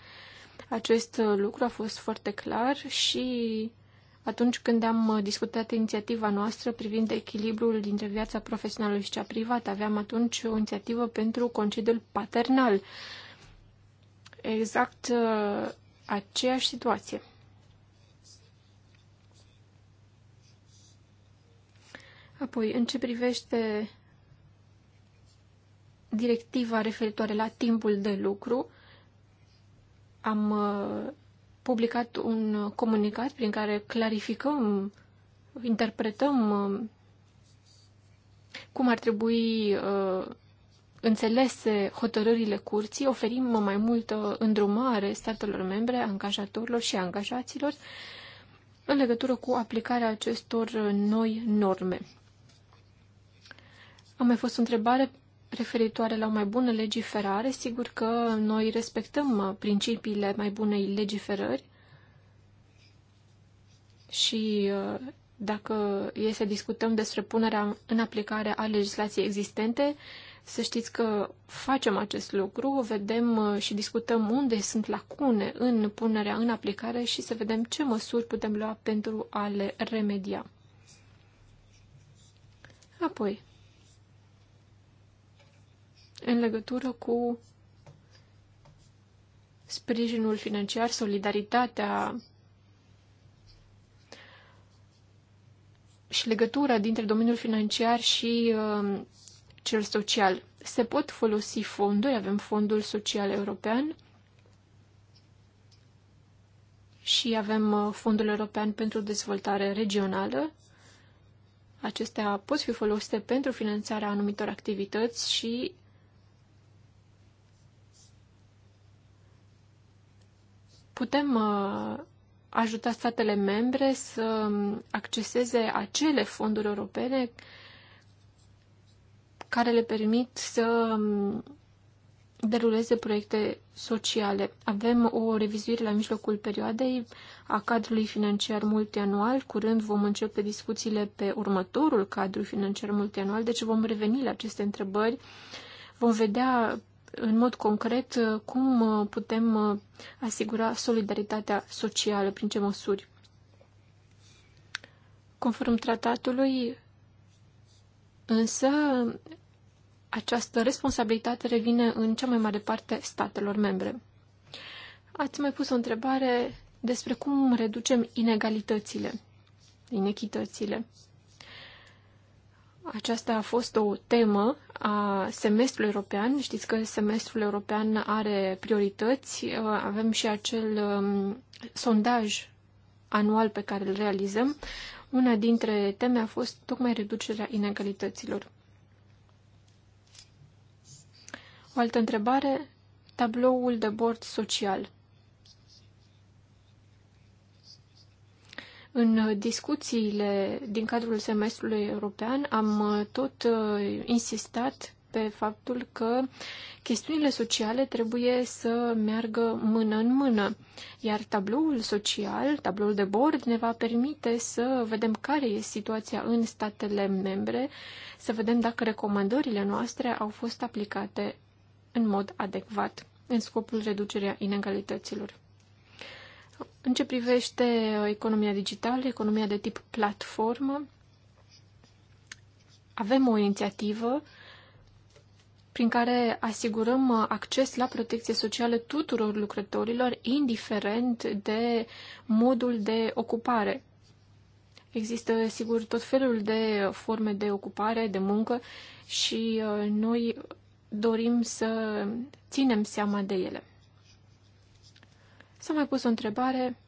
Acest lucru a fost foarte clar și atunci când am discutat inițiativa noastră privind echilibrul dintre viața profesională și cea privată, aveam atunci o inițiativă pentru concediul paternal. Exact uh, aceeași situație. Apoi, în ce privește directiva referitoare la timpul de lucru, am uh, publicat un comunicat prin care clarificăm, interpretăm uh, cum ar trebui uh, înțelese hotărârile curții, oferim mai multă îndrumare statelor membre, angajatorilor și angajaților în legătură cu aplicarea acestor noi norme. A mai fost o întrebare referitoare la o mai bună legiferare. Sigur că noi respectăm uh, principiile mai bunei legiferări și uh, dacă e să discutăm despre punerea în aplicare a legislației existente, să știți că facem acest lucru, vedem uh, și discutăm unde sunt lacune în punerea în aplicare și să vedem ce măsuri putem lua pentru a le remedia. Apoi, în legătură cu sprijinul financiar, solidaritatea și legătura dintre domeniul financiar și um, cel social. Se pot folosi fonduri, avem Fondul Social European și avem uh, Fondul European pentru Dezvoltare Regională. Acestea pot fi folosite pentru finanțarea anumitor activități și putem uh, ajuta statele membre să um, acceseze acele fonduri europene care le permit să um, deruleze proiecte sociale. Avem o revizuire la mijlocul perioadei a cadrului financiar multianual. Curând vom începe discuțiile pe următorul cadru financiar multianual, deci vom reveni la aceste întrebări. Vom vedea în mod concret uh, cum uh, putem uh, asigura solidaritatea socială, prin ce măsuri. Conform tratatului, însă, această responsabilitate revine în cea mai mare parte statelor membre. Ați mai pus o întrebare despre cum reducem inegalitățile, inechitățile. Aceasta a fost o temă a semestrului european. Știți că semestrul european are priorități. Uh, avem și acel um, sondaj anual pe care îl realizăm. Una dintre teme a fost tocmai reducerea inegalităților. O altă întrebare, tabloul de bord social. În discuțiile din cadrul semestrului european am uh, tot uh, insistat pe faptul că chestiunile sociale trebuie să meargă mână în mână, iar tabloul social, tabloul de bord, ne va permite să vedem care e situația în statele membre, să vedem dacă recomandările noastre au fost aplicate în mod adecvat în scopul reducerea inegalităților. În ce privește uh, economia digitală, economia de tip platformă, avem o inițiativă prin care asigurăm uh, acces la protecție socială tuturor lucrătorilor, indiferent de modul de ocupare. Există, sigur, tot felul de forme de ocupare, de muncă și uh, noi dorim să ținem seama de ele. S-a mai pus o întrebare.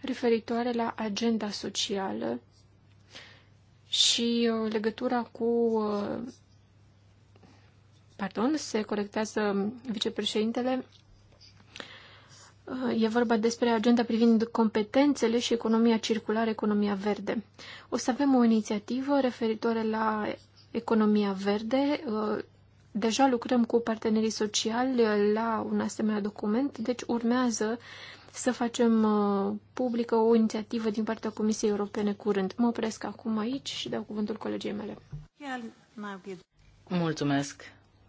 referitoare la agenda socială și uh, legătura cu. Uh, pardon, se corectează vicepreședintele. Uh, e vorba despre agenda privind competențele și economia circulară, economia verde. O să avem o inițiativă referitoare la economia verde Deja lucrăm cu partenerii sociali la un asemenea document, deci urmează să facem uh, publică o inițiativă din partea Comisiei Europene curând. Mă opresc acum aici și dau cuvântul colegii mele. Mulțumesc.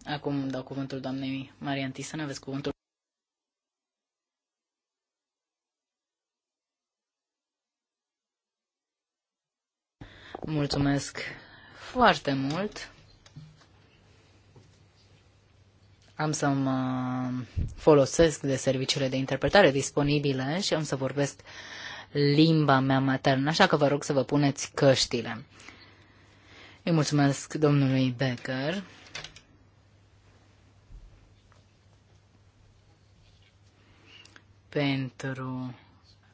Acum dau cuvântul doamnei Maria Tisan. Aveți cuvântul. Mulțumesc foarte mult. Am să mă folosesc de serviciile de interpretare disponibile și am să vorbesc limba mea maternă, așa că vă rog să vă puneți căștile. Îi mulțumesc domnului Becker. pentru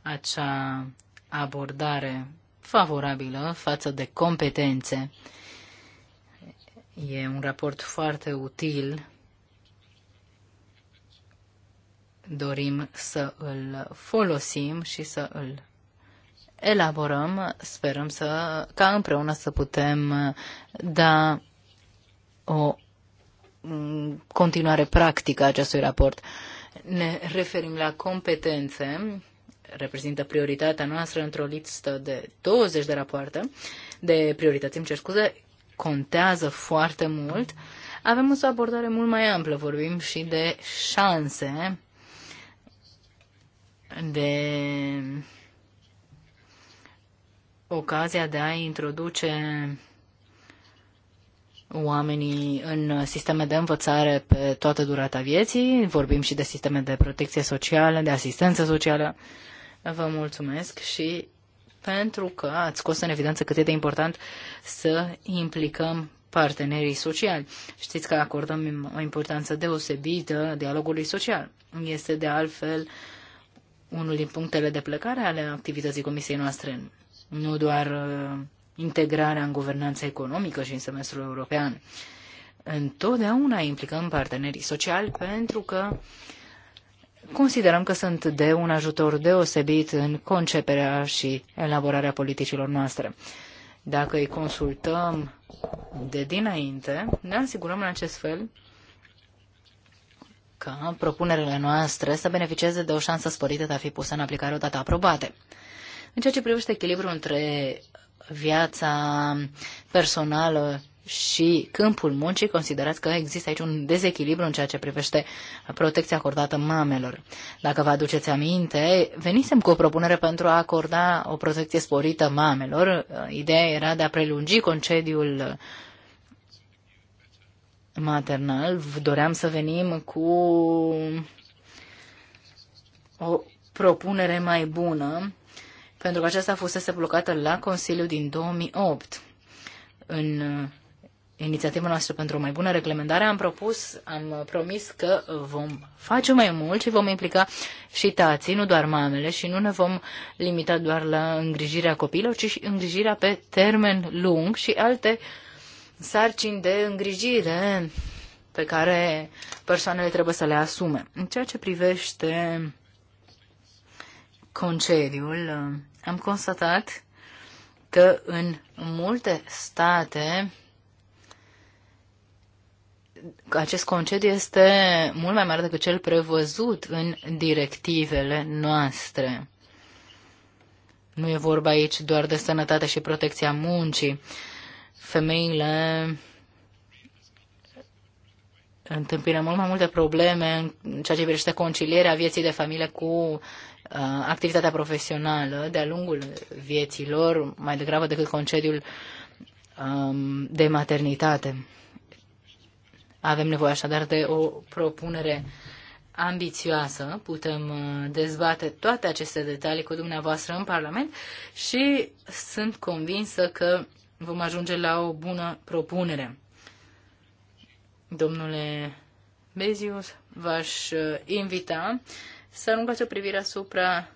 acea abordare favorabilă față de competențe. E un raport foarte util dorim să îl folosim și să îl elaborăm, sperăm să, ca împreună să putem uh, da o mm, continuare practică a acestui raport. Ne referim la competențe, reprezintă prioritatea noastră într-o listă de 20 de rapoarte, de priorități, îmi cer scuze, contează foarte mult. Avem o abordare mult mai amplă, vorbim și de șanse de ocazia de a introduce oamenii în sisteme de învățare pe toată durata vieții. Vorbim și de sisteme de protecție socială, de asistență socială. Vă mulțumesc și pentru că ați scos în evidență cât e de important să implicăm partenerii sociali. Știți că acordăm o importanță deosebită dialogului social. Este de altfel uh, unul din punctele de plecare ale activității comisiei noastre. Nu doar uh, integrarea în guvernanța economică și în semestrul european. Întotdeauna implicăm partenerii sociali pentru că considerăm că sunt de un ajutor deosebit în conceperea și elaborarea politicilor noastre. Dacă îi consultăm de dinainte, ne asigurăm în acest fel ca propunerile noastre să beneficieze de o șansă sporită de a fi pusă în aplicare odată aprobate. În ceea ce privește echilibrul între viața personală și câmpul muncii, considerați că există aici un dezechilibru în ceea ce privește protecția acordată mamelor. Dacă vă aduceți aminte, venisem cu o propunere pentru a acorda o protecție sporită mamelor. Ideea era de a prelungi concediul maternal, doream să venim cu o propunere mai bună, pentru că aceasta fusese blocată la Consiliu din 2008. În uh, inițiativa noastră pentru o mai bună reglementare am propus, am promis că vom face mai mult și vom implica și tații, nu doar mamele, și nu ne vom limita doar la îngrijirea copilor, ci și îngrijirea pe termen lung și alte uh, sarcini de îngrijire pe care persoanele trebuie să le asume. În ceea ce privește concediul, am constatat că în multe state acest concediu este mult mai mare decât cel prevăzut în directivele noastre. Nu e vorba aici doar de sănătate și protecția muncii femeile întâmpină mult mai multe probleme în ceea ce privește concilierea vieții de familie cu uh, activitatea profesională de-a lungul vieților, mai degrabă decât concediul um, de maternitate. Avem nevoie așadar de o propunere ambițioasă, putem uh, dezbate toate aceste detalii cu dumneavoastră în Parlament și sunt convinsă că vom ajunge la o bună propunere. Domnule Bezius, v-aș uh, invita să aruncați o privire asupra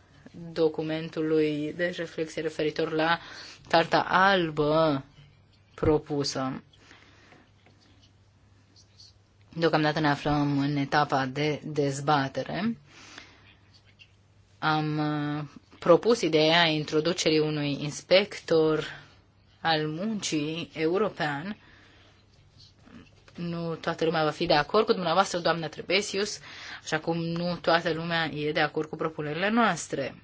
documentului de reflexie referitor la Carta Albă propusă. Deocamdată ne aflăm în etapa de dezbatere. Am uh, propus ideea introducerii unui inspector al muncii european. Nu toată lumea va fi de acord cu dumneavoastră, doamna Trebesius, așa cum nu toată lumea e de acord cu propunerile noastre.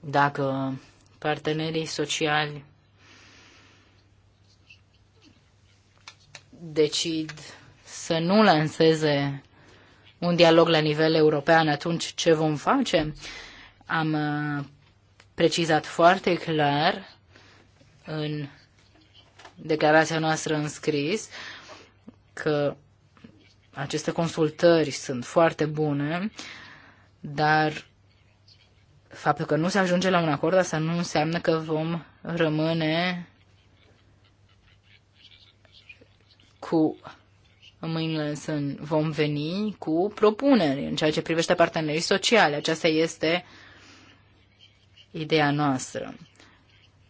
Dacă partenerii sociali decid să nu lanseze un dialog la nivel european, atunci ce vom face? Am uh, precizat foarte clar în declarația noastră în scris că aceste consultări sunt foarte bune, dar faptul că nu se ajunge la un acord, asta nu înseamnă că vom rămâne cu sunt, vom veni cu propuneri în ceea ce privește partenerii sociale. Aceasta este ideea noastră.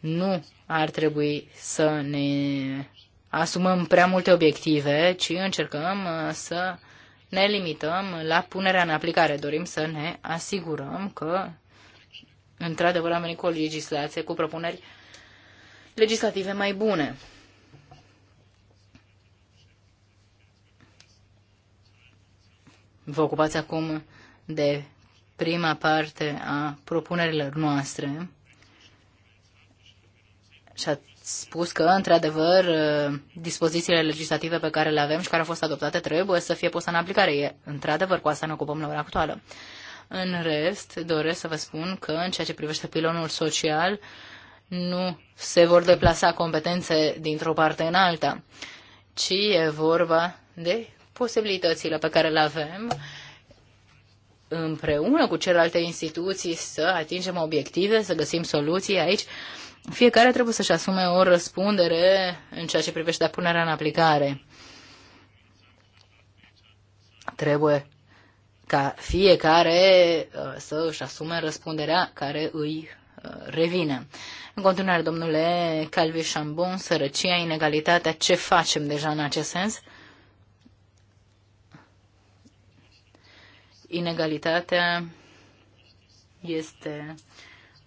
Nu ar trebui să ne asumăm prea multe obiective, ci încercăm uh, să ne limităm la punerea în aplicare. Dorim să ne asigurăm că, într-adevăr, am venit cu o legislație, cu propuneri legislative mai bune. vă ocupați acum de prima parte a propunerilor noastre și ați spus că, într-adevăr, dispozițiile legislative pe care le avem și care au fost adoptate trebuie să fie puse în aplicare. E, într-adevăr, cu asta ne ocupăm la ora actuală. În rest, doresc să vă spun că, în ceea ce privește pilonul social, nu se vor deplasa competențe dintr-o parte în alta, ci e vorba de posibilitățile pe care le avem împreună cu celelalte instituții să atingem obiective, să găsim soluții aici. Fiecare trebuie să-și asume o răspundere în ceea ce privește punerea în aplicare. Trebuie ca fiecare uh, să își asume răspunderea care îi uh, revine. În continuare, domnule Calvi Chambon, sărăcia, inegalitatea, ce facem deja în acest sens? Inegalitatea este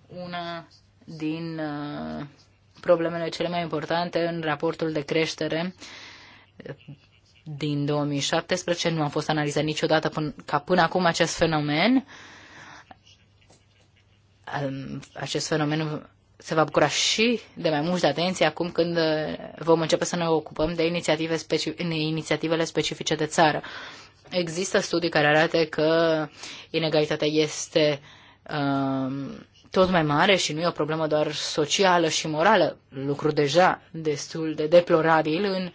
una din uh, problemele cele mai importante în raportul de creștere din 2017. Nu a fost analizat niciodată până, ca până acum acest fenomen. Um, acest fenomen se va bucura și de mai mult de atenție acum când uh, vom începe să ne ocupăm de inițiative specif- inițiativele specifice de țară. Uh, Există studii care arată că inegalitatea este um, tot mai mare și nu e o problemă doar socială și morală, lucru deja destul de deplorabil în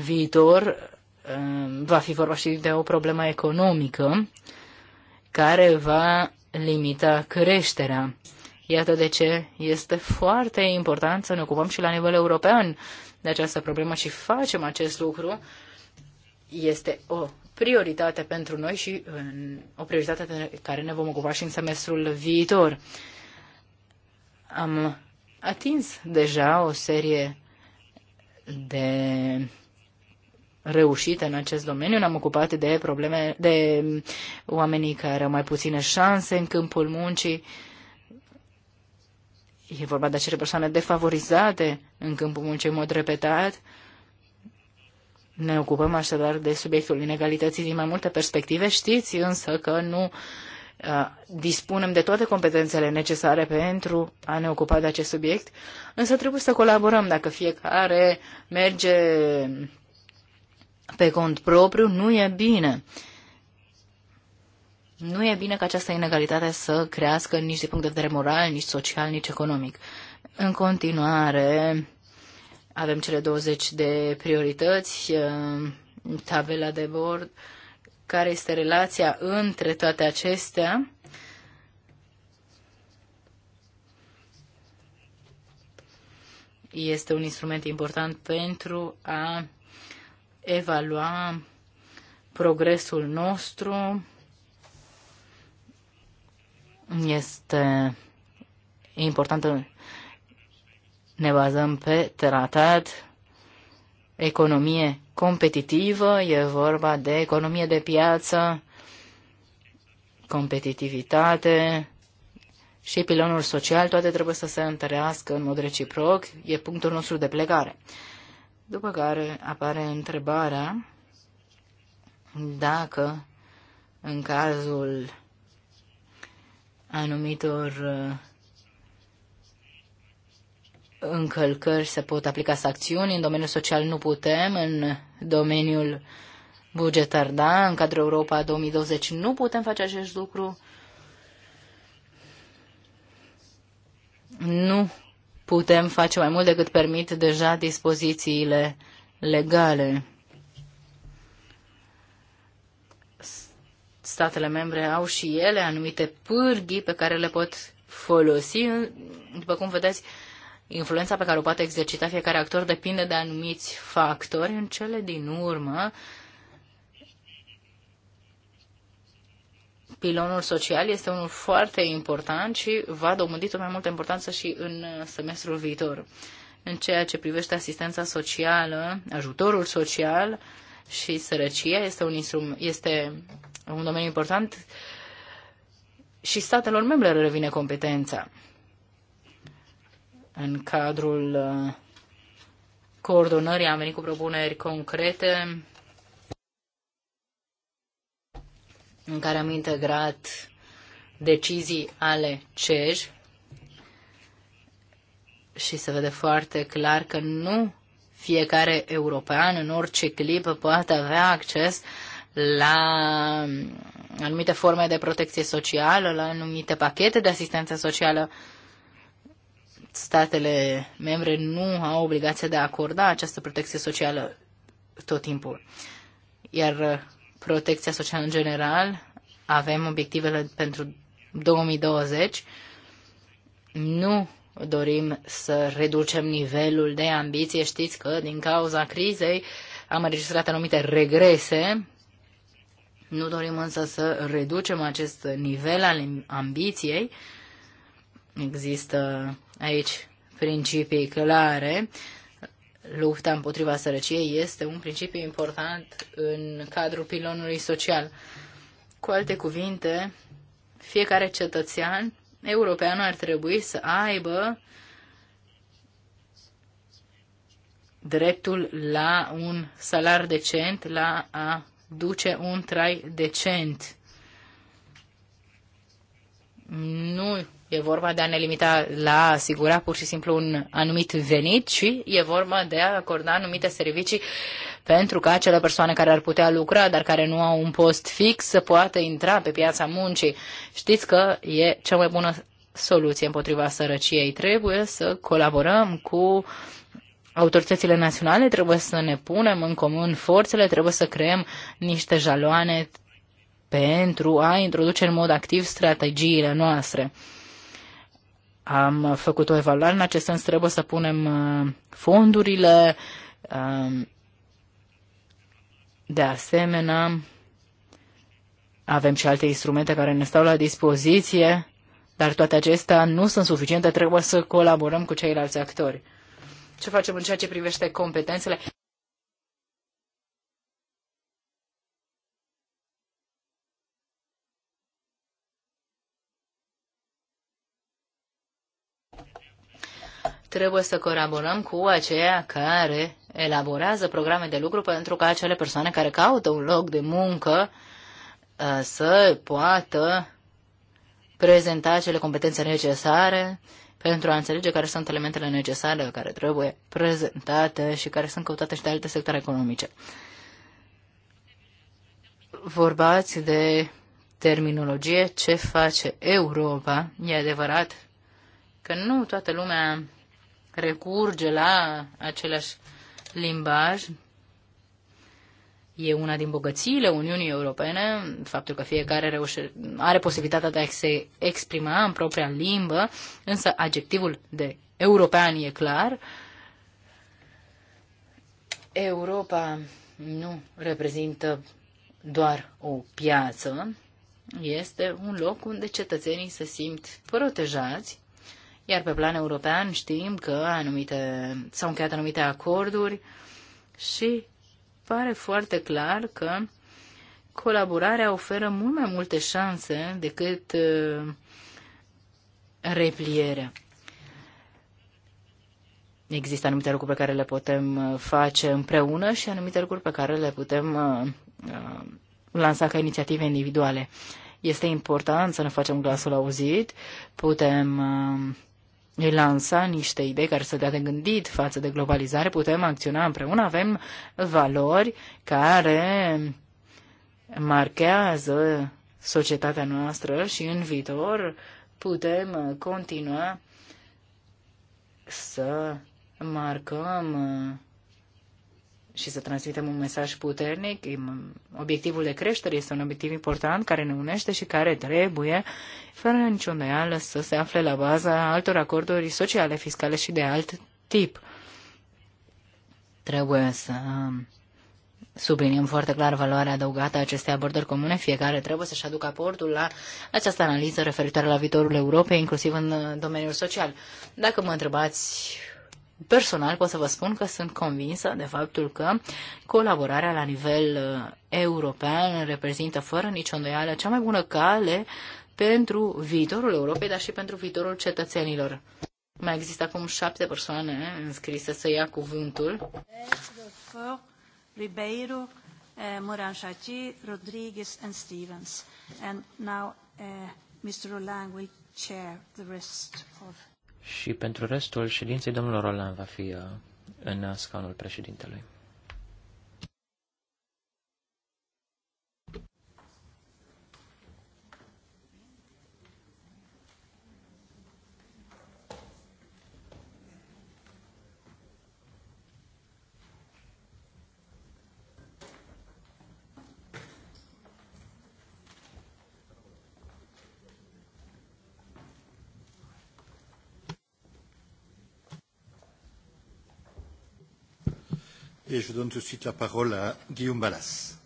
viitor. Um, va fi vorba și de o problemă economică care va limita creșterea. Iată de ce este foarte important să ne ocupăm și la nivel european de această problemă și facem acest lucru. Este o prioritate pentru noi și în, o prioritate de care ne vom ocupa și în semestrul viitor. Am atins deja o serie de reușite în acest domeniu. Ne-am ocupat de probleme de oamenii care au mai puține șanse în câmpul muncii. E vorba de acele persoane defavorizate în câmpul muncii în mod repetat. Ne ocupăm așadar de subiectul inegalității din mai multe perspective. Știți însă că nu dispunem de toate competențele necesare pentru a ne ocupa de acest subiect, însă trebuie să colaborăm. Dacă fiecare merge pe cont propriu, nu e bine. Nu e bine ca această inegalitate să crească nici din punct de vedere moral, nici social, nici economic. În continuare, avem cele 20 de priorități, uh, tabela de bord, care este relația între toate acestea. Este un instrument important pentru a evalua progresul nostru. Este importantă ne bazăm pe tratat, economie competitivă, e vorba de economie de piață, competitivitate și pilonul social, toate trebuie să se întărească în mod reciproc, e punctul nostru de plecare. După care apare întrebarea dacă în cazul anumitor uh, încălcări se pot aplica sancțiuni, în domeniul social nu putem, în domeniul bugetar, da, în cadrul Europa 2020 nu putem face acest lucru. Nu putem face mai mult decât permit deja dispozițiile legale. Statele membre au și ele anumite pârghii pe care le pot folosi. După cum vedeți, influența pe care o poate exercita fiecare actor depinde de anumiți factori. În cele din urmă, pilonul social este unul foarte important și va dobândi tot mai multă importanță și în uh, semestrul viitor. În ceea ce privește asistența socială, ajutorul social și sărăcia este un, instrum, este un domeniu important și statelor membre revine competența. În cadrul uh, coordonării am venit cu propuneri concrete în care am integrat decizii ale CEJ și se vede foarte clar că nu fiecare european în orice clip poate avea acces la um, anumite forme de protecție socială, la anumite pachete de asistență socială statele membre nu au obligația de a acorda această protecție socială tot timpul. Iar uh, protecția socială în general, avem obiectivele pentru 2020, nu dorim să reducem nivelul de ambiție. Știți că din cauza crizei am înregistrat anumite regrese. Nu dorim însă să reducem acest nivel al ambiției. Există aici principii clare. Lupta împotriva sărăciei este un principiu important în cadrul pilonului social. Cu alte cuvinte, fiecare cetățean european ar trebui să aibă dreptul la un salar decent, la a duce un trai decent. Nu E vorba de a ne limita la a asigura pur și simplu un anumit venit și e vorba de a acorda anumite servicii pentru ca acele persoane care ar putea lucra, dar care nu au un post fix, să poată intra pe piața muncii. Știți că e cea mai bună soluție împotriva sărăciei. Trebuie să colaborăm cu autoritățile naționale, trebuie să ne punem în comun forțele, trebuie să creăm niște jaloane pentru a introduce în mod activ strategiile noastre. Am făcut o evaluare în acest sens, trebuie să punem uh, fondurile. Um, de asemenea, avem și alte instrumente care ne stau la dispoziție, dar toate acestea nu sunt suficiente, trebuie să colaborăm cu ceilalți actori. Ce facem în ceea ce privește competențele? Trebuie să colaborăm cu aceia care elaborează programe de lucru pentru ca acele persoane care caută un loc de muncă uh, să poată prezenta acele competențe necesare pentru a înțelege care sunt elementele necesare care trebuie prezentate și care sunt căutate și de alte sectoare economice. Vorbați de terminologie, ce face Europa. E adevărat că nu toată lumea recurge la același limbaj. E una din bogățiile Uniunii Europene, faptul că fiecare reușe, are posibilitatea de a se exprima în propria limbă, însă adjectivul de european e clar. Europa nu reprezintă doar o piață, este un loc unde cetățenii se simt protejați iar pe plan european știm că anumite, s-au încheiat anumite acorduri și pare foarte clar că colaborarea oferă mult mai multe șanse decât uh, replierea. Există anumite lucruri pe care le putem uh, face împreună și anumite lucruri pe care le putem uh, lansa ca inițiative individuale. Este important să ne facem glasul auzit, putem lansa niște idei care să dea de gândit față de globalizare, putem acționa împreună, avem valori care marchează societatea noastră și în viitor putem continua să marcăm și să transmitem un mesaj puternic. Obiectivul de creștere este un obiectiv important care ne unește și care trebuie, fără niciun îndoială, să se afle la baza altor acorduri sociale, fiscale și de alt tip. Trebuie să subliniem foarte clar valoarea adăugată a acestei abordări comune. Fiecare trebuie să-și aducă aportul la această analiză referitoare la viitorul Europei, inclusiv în domeniul social. Dacă mă întrebați personal pot să vă spun că sunt convinsă de faptul că colaborarea la nivel uh, european reprezintă fără nicio îndoială cea mai bună cale pentru viitorul Europei, dar și pentru viitorul cetățenilor. Mai există acum șapte persoane înscrise să ia cuvântul. Ribeiro, eh, Moran Rodriguez and Stevens. And now uh, eh, Mr. Roland will chair the rest of și pentru restul ședinței domnul Roland va fi uh, în scaunul președintelui. Et je donne tout de suite la parole à Guillaume Balas.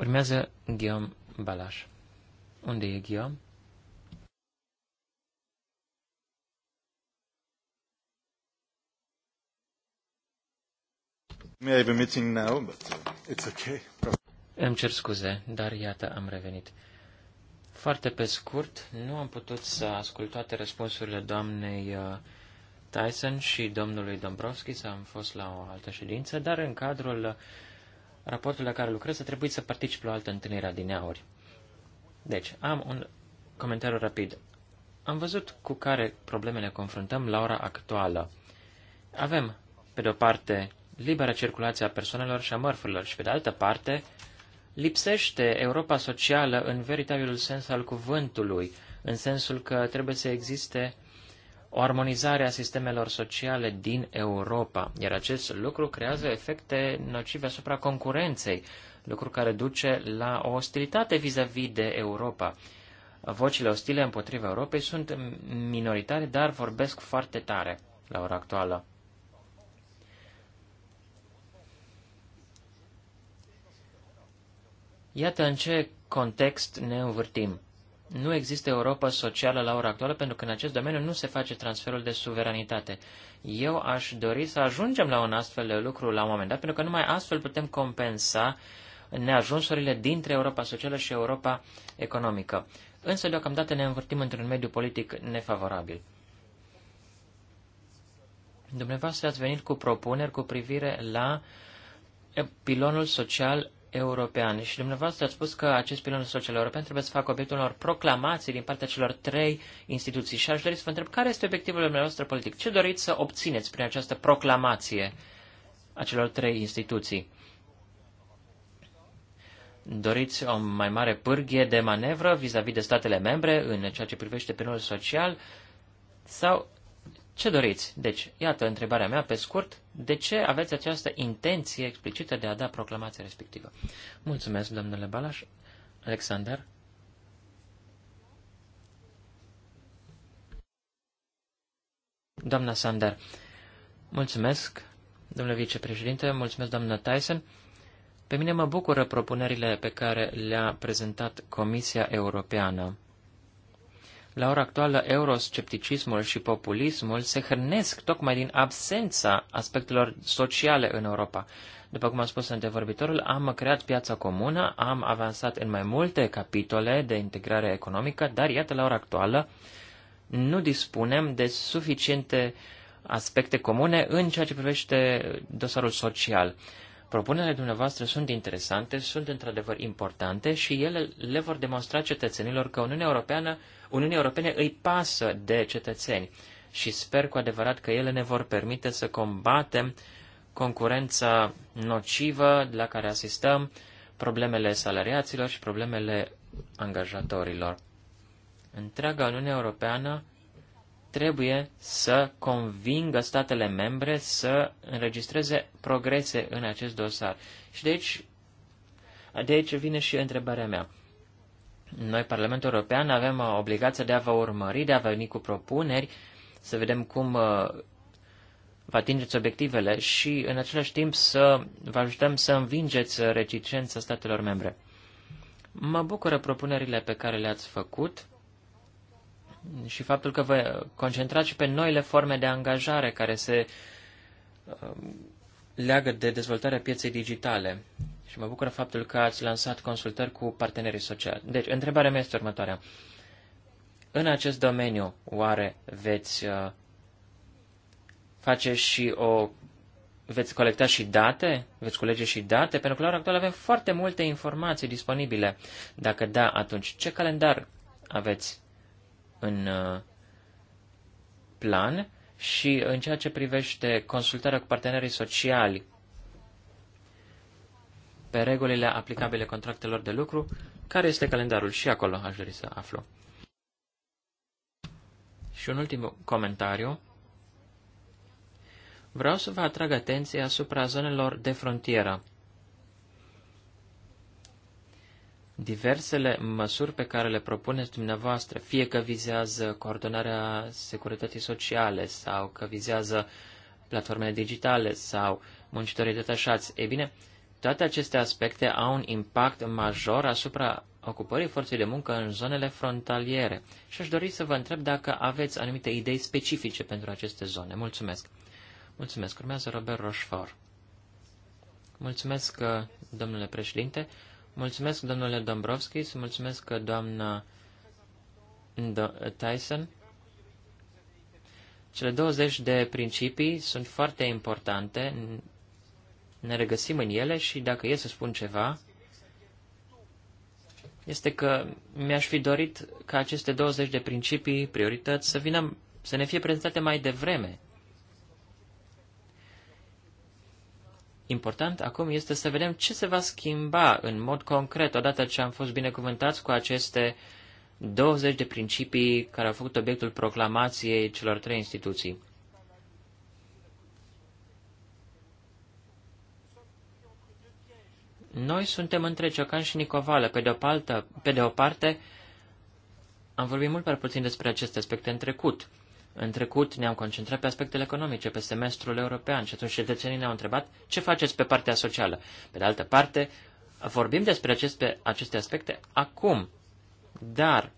Urmează Guillaume Balas. Unde e Guillaume? I have a meeting now, but uh, it's okay. Îmi cer scuze, dar iată am revenit. Foarte pe scurt, nu am putut să ascult toate răspunsurile doamnei uh, Tyson și domnului să am fost la o altă ședință, dar în cadrul raportului la care lucrez a trebuit să particip la o altă întâlnire adineauri. Deci, am un comentariu rapid. Am văzut cu care probleme ne confruntăm la ora actuală. Avem, pe de-o parte, libera circulație a persoanelor și a mărfurilor și, pe de altă parte, lipsește Europa socială în veritabilul sens al cuvântului, în sensul că trebuie să existe o armonizare a sistemelor sociale din Europa, iar acest lucru creează efecte nocive asupra concurenței, lucru care duce la o ostilitate vis-a-vis -vis de Europa. Vocile ostile împotriva Europei sunt minoritare, dar vorbesc foarte tare la ora actuală. Iată în ce context ne învârtim. Nu există Europa socială la ora actuală pentru că în acest domeniu nu se face transferul de suveranitate. Eu aș dori să ajungem la un astfel de lucru la un moment dat, pentru că numai astfel putem compensa neajunsurile dintre Europa socială și Europa economică. Însă, deocamdată, ne învârtim într-un mediu politic nefavorabil. Dumneavoastră ați venit cu propuneri cu privire la pilonul social european. Și dumneavoastră ați spus că acest pilon social european trebuie să facă obiectul unor proclamații din partea celor trei instituții. Și aș dori să vă întreb care este obiectivul dumneavoastră politic. Ce doriți să obțineți prin această proclamație a celor trei instituții? Doriți o mai mare pârghie de manevră vis-a-vis -vis de statele membre în ceea ce privește pilonul social? Sau ce doriți? Deci, iată întrebarea mea pe scurt. De ce aveți această intenție explicită de a da proclamația respectivă? Mulțumesc, domnule Balaș. Alexander? Doamna Sander, mulțumesc, domnule vicepreședinte, mulțumesc, doamna Tyson. Pe mine mă bucură propunerile pe care le-a prezentat Comisia Europeană. La ora actuală, euroscepticismul și populismul se hrănesc tocmai din absența aspectelor sociale în Europa. După cum am spus antevorbitorul, am creat piața comună, am avansat în mai multe capitole de integrare economică, dar iată, la ora actuală, nu dispunem de suficiente aspecte comune în ceea ce privește dosarul social. Propunerile dumneavoastră sunt interesante, sunt într-adevăr importante și ele le vor demonstra cetățenilor că Uniunea Europeană Uniunii Europene îi pasă de cetățeni și sper cu adevărat că ele ne vor permite să combatem concurența nocivă la care asistăm, problemele salariaților și problemele angajatorilor. Întreaga Uniune Europeană trebuie să convingă statele membre să înregistreze progrese în acest dosar. Și de aici, de aici vine și întrebarea mea. Noi, Parlamentul European, avem uh, obligația de a vă urmări, de a veni cu propuneri, să vedem cum uh, vă atingeți obiectivele și, în același timp, să vă ajutăm să învingeți reticența statelor membre. Mă bucură propunerile pe care le-ați făcut și faptul că vă concentrați pe noile forme de angajare care se uh, leagă de dezvoltarea pieței digitale și mă bucură faptul că ați lansat consultări cu partenerii sociali. Deci, întrebarea mea este următoarea. În acest domeniu, oare veți uh, face și o... veți colecta și date? Veți culege și date? Pentru că la ora actuală avem foarte multe informații disponibile. Dacă da, atunci ce calendar aveți în uh, plan? Și în ceea ce privește consultarea cu partenerii sociali, pe regulile aplicabile contractelor de lucru, care este calendarul și acolo aș dori să aflu. Și un ultim comentariu. Vreau să vă atrag atenția asupra zonelor de frontieră. Diversele măsuri pe care le propuneți dumneavoastră, fie că vizează coordonarea securității sociale sau că vizează platformele digitale sau muncitorii detașați, e bine, uh, toate aceste aspecte au un impact major asupra ocupării forței de muncă în zonele frontaliere și aș dori să vă întreb dacă aveți anumite idei specifice pentru aceste zone. Mulțumesc! Mulțumesc! Urmează Robert Rochefort. Mulțumesc, domnule președinte, mulțumesc, domnule Dombrovski! mulțumesc, doamna Tyson. Cele 20 de principii sunt foarte importante ne regăsim în ele și dacă e să spun ceva, este că mi-aș fi dorit ca aceste 20 de principii, priorități, să, vină, să ne fie prezentate mai devreme. Important acum este să vedem ce se va schimba în mod concret odată ce am fost binecuvântați cu aceste 20 de principii care au făcut obiectul proclamației celor trei instituții. Noi suntem între Ciocan și Nicovală. Pe de, o paltă, pe de o parte, am vorbit mult prea puțin despre aceste aspecte în trecut. În trecut ne-am concentrat pe aspectele economice, pe semestrul european și atunci cetățenii ne-au întrebat ce faceți pe partea socială. Pe de altă parte, vorbim despre aceste, aceste aspecte acum, dar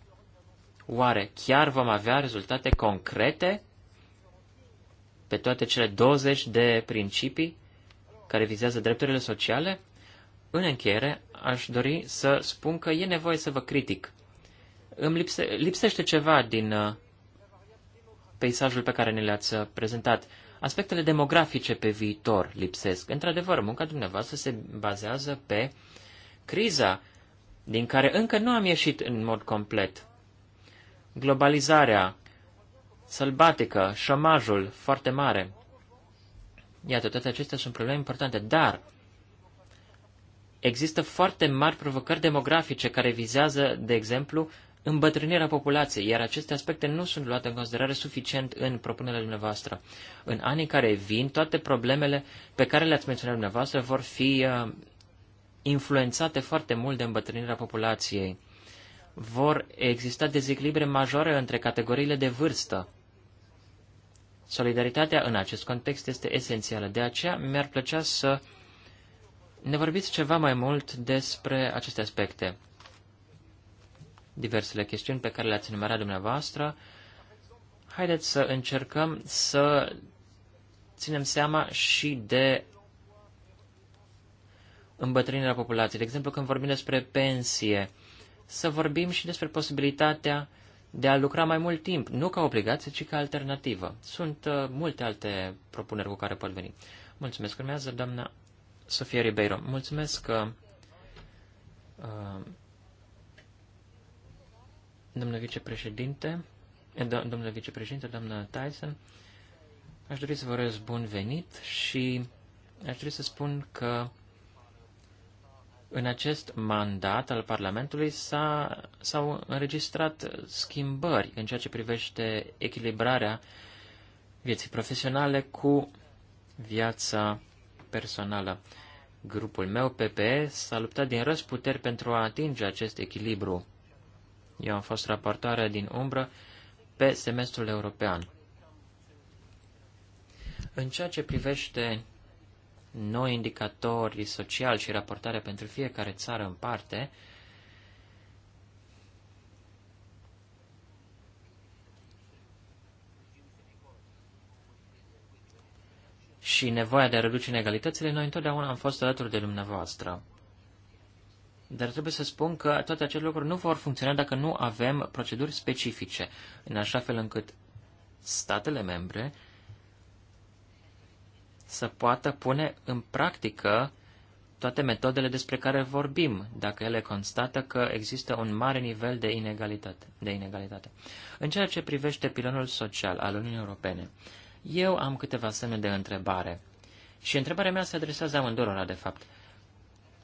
oare chiar vom avea rezultate concrete pe toate cele 20 de principii care vizează drepturile sociale? În încheiere, aș dori să spun că e nevoie să vă critic. Îmi lipse, lipsește ceva din uh, peisajul pe care ne le-ați uh, prezentat. Aspectele demografice pe viitor lipsesc. Într-adevăr, munca dumneavoastră se bazează pe criza din care încă nu am ieșit în mod complet. Globalizarea sălbatică, șomajul foarte mare. Iată, toate acestea sunt probleme importante, dar există foarte mari provocări demografice care vizează, de exemplu, îmbătrânirea populației, iar aceste aspecte nu sunt luate în considerare suficient în propunerea dumneavoastră. În anii care vin, toate problemele pe care le-ați menționat dumneavoastră vor fi uh, influențate foarte mult de îmbătrânirea populației. Vor exista dezechilibre majore între categoriile de vârstă. Solidaritatea în acest context este esențială. De aceea mi-ar plăcea să uh, ne vorbiți ceva mai mult despre aceste aspecte. Diversele chestiuni pe care le-ați enumerat dumneavoastră, haideți să încercăm să ținem seama și de îmbătrânirea populației. De exemplu, când vorbim despre pensie, să vorbim și despre posibilitatea de a lucra mai mult timp, nu ca obligație, ci ca alternativă. Sunt uh, multe alte propuneri cu care pot veni. Mulțumesc. Urmează doamna Sofia Ribeiro. Mulțumesc că uh, domnule vicepreședinte, eh, domnule vicepreședinte, doamnă Tyson, aș dori să vă urez bun venit și aș dori să spun că în acest mandat al Parlamentului s-au înregistrat schimbări în ceea ce privește echilibrarea vieții profesionale cu viața personală. Grupul meu, PPE, s-a luptat din răsputeri pentru a atinge acest echilibru. Eu am fost raportoare din umbră pe semestrul european. În ceea ce privește noi indicatori sociali și raportarea pentru fiecare țară în parte, și nevoia de a reduce inegalitățile, noi întotdeauna am fost alături de dumneavoastră. Dar trebuie să spun că toate aceste lucruri nu vor funcționa dacă nu avem proceduri specifice, în așa fel încât statele membre să poată pune în practică toate metodele despre care vorbim, dacă ele constată că există un mare nivel de inegalitate. De inegalitate. În ceea ce privește pilonul social al Uniunii Europene, eu am câteva semne de întrebare. Și întrebarea mea se adresează amândurora, de fapt.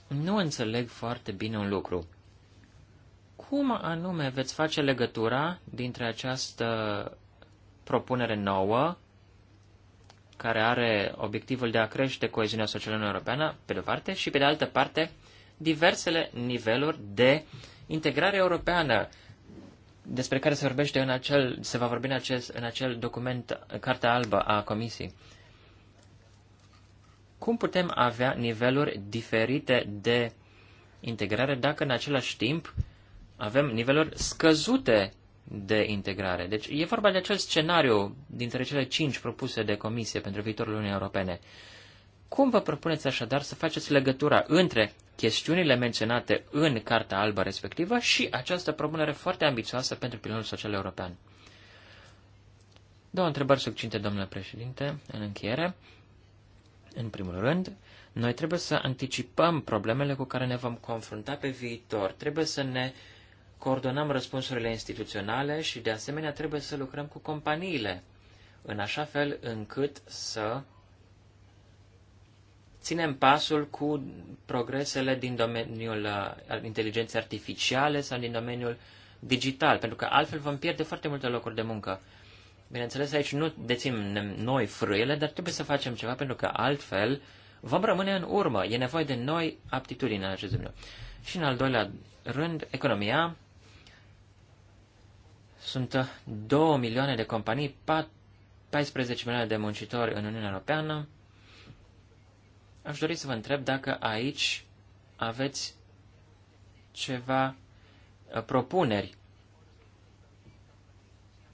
Nu înțeleg foarte bine un lucru. Cum anume veți face legătura dintre această propunere nouă, care are obiectivul de a crește coeziunea socială în europeană, pe de-o parte, și pe de altă parte, diversele niveluri de integrare europeană, despre care se vorbește în acel, se va vorbi în, acest, în acel document, Cartea Albă a Comisiei. Cum putem avea niveluri diferite de integrare dacă în același timp avem niveluri scăzute de integrare? Deci e vorba de acel scenariu dintre cele cinci propuse de Comisie pentru viitorul Uniunii Europene. Uh, cum vă propuneți așadar să faceți legătura între chestiunile menționate în Carta Albă respectivă și această propunere foarte ambițioasă pentru pilonul social european? Două întrebări succinte, domnule președinte, în încheiere. În primul rând, noi trebuie să anticipăm problemele cu care ne vom confrunta pe viitor. Trebuie să ne coordonăm răspunsurile instituționale și, de asemenea, trebuie să lucrăm cu companiile, în așa fel încât să ținem pasul cu progresele din domeniul uh, inteligenței artificiale sau din domeniul digital, pentru că altfel vom pierde foarte multe locuri de muncă. Bineînțeles, aici nu deținem noi frâiele, dar trebuie să facem ceva, pentru că altfel vom rămâne în urmă. E nevoie de noi aptitudini în acest domeniu. Și în al doilea rând, economia. Sunt 2 milioane de companii, 14 milioane de muncitori în Uniunea Europeană, Aș dori să vă întreb dacă aici aveți ceva uh, propuneri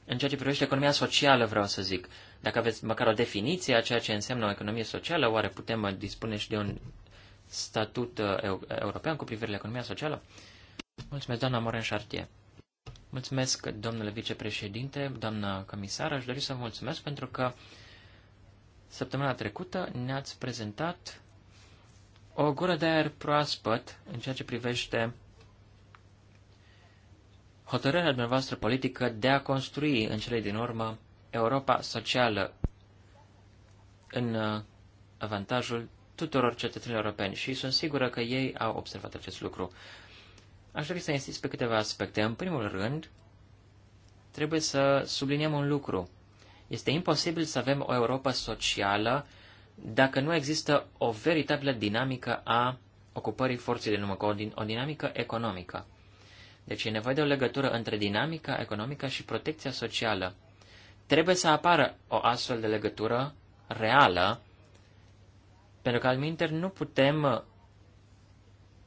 în ceea ce privește economia socială, vreau să zic. Dacă aveți măcar o definiție a ceea ce înseamnă o economie socială, oare putem uh, dispune și de un statut uh, european cu privire la economia socială? Mulțumesc, doamna Moren Chartier. Mulțumesc, domnule vicepreședinte, doamna comisară. Aș dori să vă mulțumesc pentru că săptămâna trecută ne-ați prezentat o gură de aer proaspăt în ceea ce privește hotărârea dumneavoastră politică de a construi în cele din urmă Europa socială în uh, avantajul tuturor cetățenilor europeni și sunt sigură că ei au observat acest lucru. Aș dori să insist pe câteva aspecte. În primul rând, trebuie să subliniem un lucru. Este imposibil să avem o Europa socială dacă nu există o veritabilă dinamică a ocupării forței de muncă, o dinamică economică. Deci e nevoie de o legătură între dinamica economică și protecția socială. Trebuie să apară o astfel de legătură reală, pentru că alminter nu putem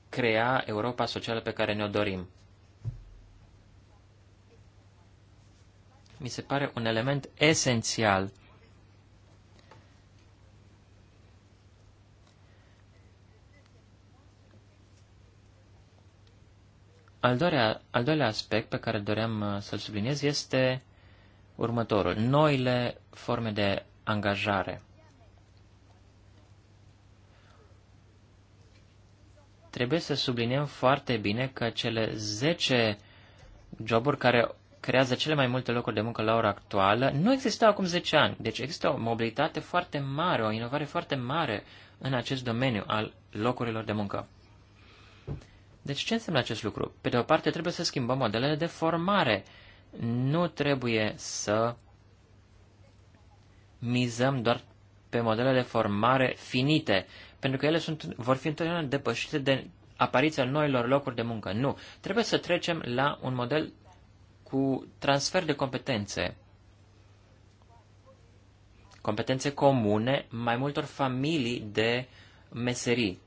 crea Europa socială pe care ne-o dorim. Mi se pare un element esențial Al doilea, al doilea aspect pe care doream uh, să-l subliniez este următorul. Noile forme de angajare. Trebuie să subliniem foarte bine că cele 10 joburi care creează cele mai multe locuri de muncă la ora actuală nu existau acum 10 ani. Deci există o mobilitate foarte mare, o inovare foarte mare în acest domeniu al locurilor de muncă. Deci ce înseamnă acest lucru? Pe de o parte trebuie să schimbăm modelele de formare. Nu trebuie să mizăm doar pe modelele de formare finite, pentru că ele sunt, vor fi întotdeauna depășite de apariția noilor locuri de muncă. Nu. Trebuie să trecem la un model cu transfer de competențe. Competențe comune mai multor familii de meserii.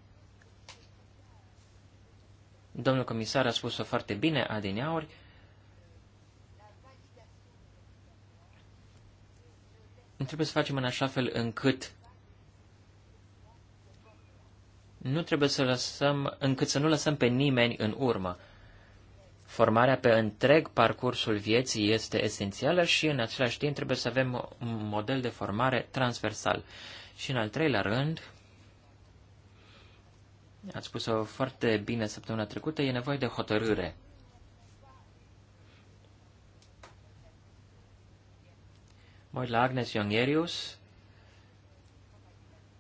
Domnul comisar a spus-o foarte bine adineauri. Trebuie să facem în așa fel încât nu trebuie să lăsăm, încât să nu lăsăm pe nimeni în urmă. Formarea pe întreg parcursul vieții este esențială și în același timp trebuie să avem un model de formare transversal. Și în al treilea rând, Ați spus-o foarte bine săptămâna trecută, e nevoie de hotărâre. Mă uit la Agnes Iongerius,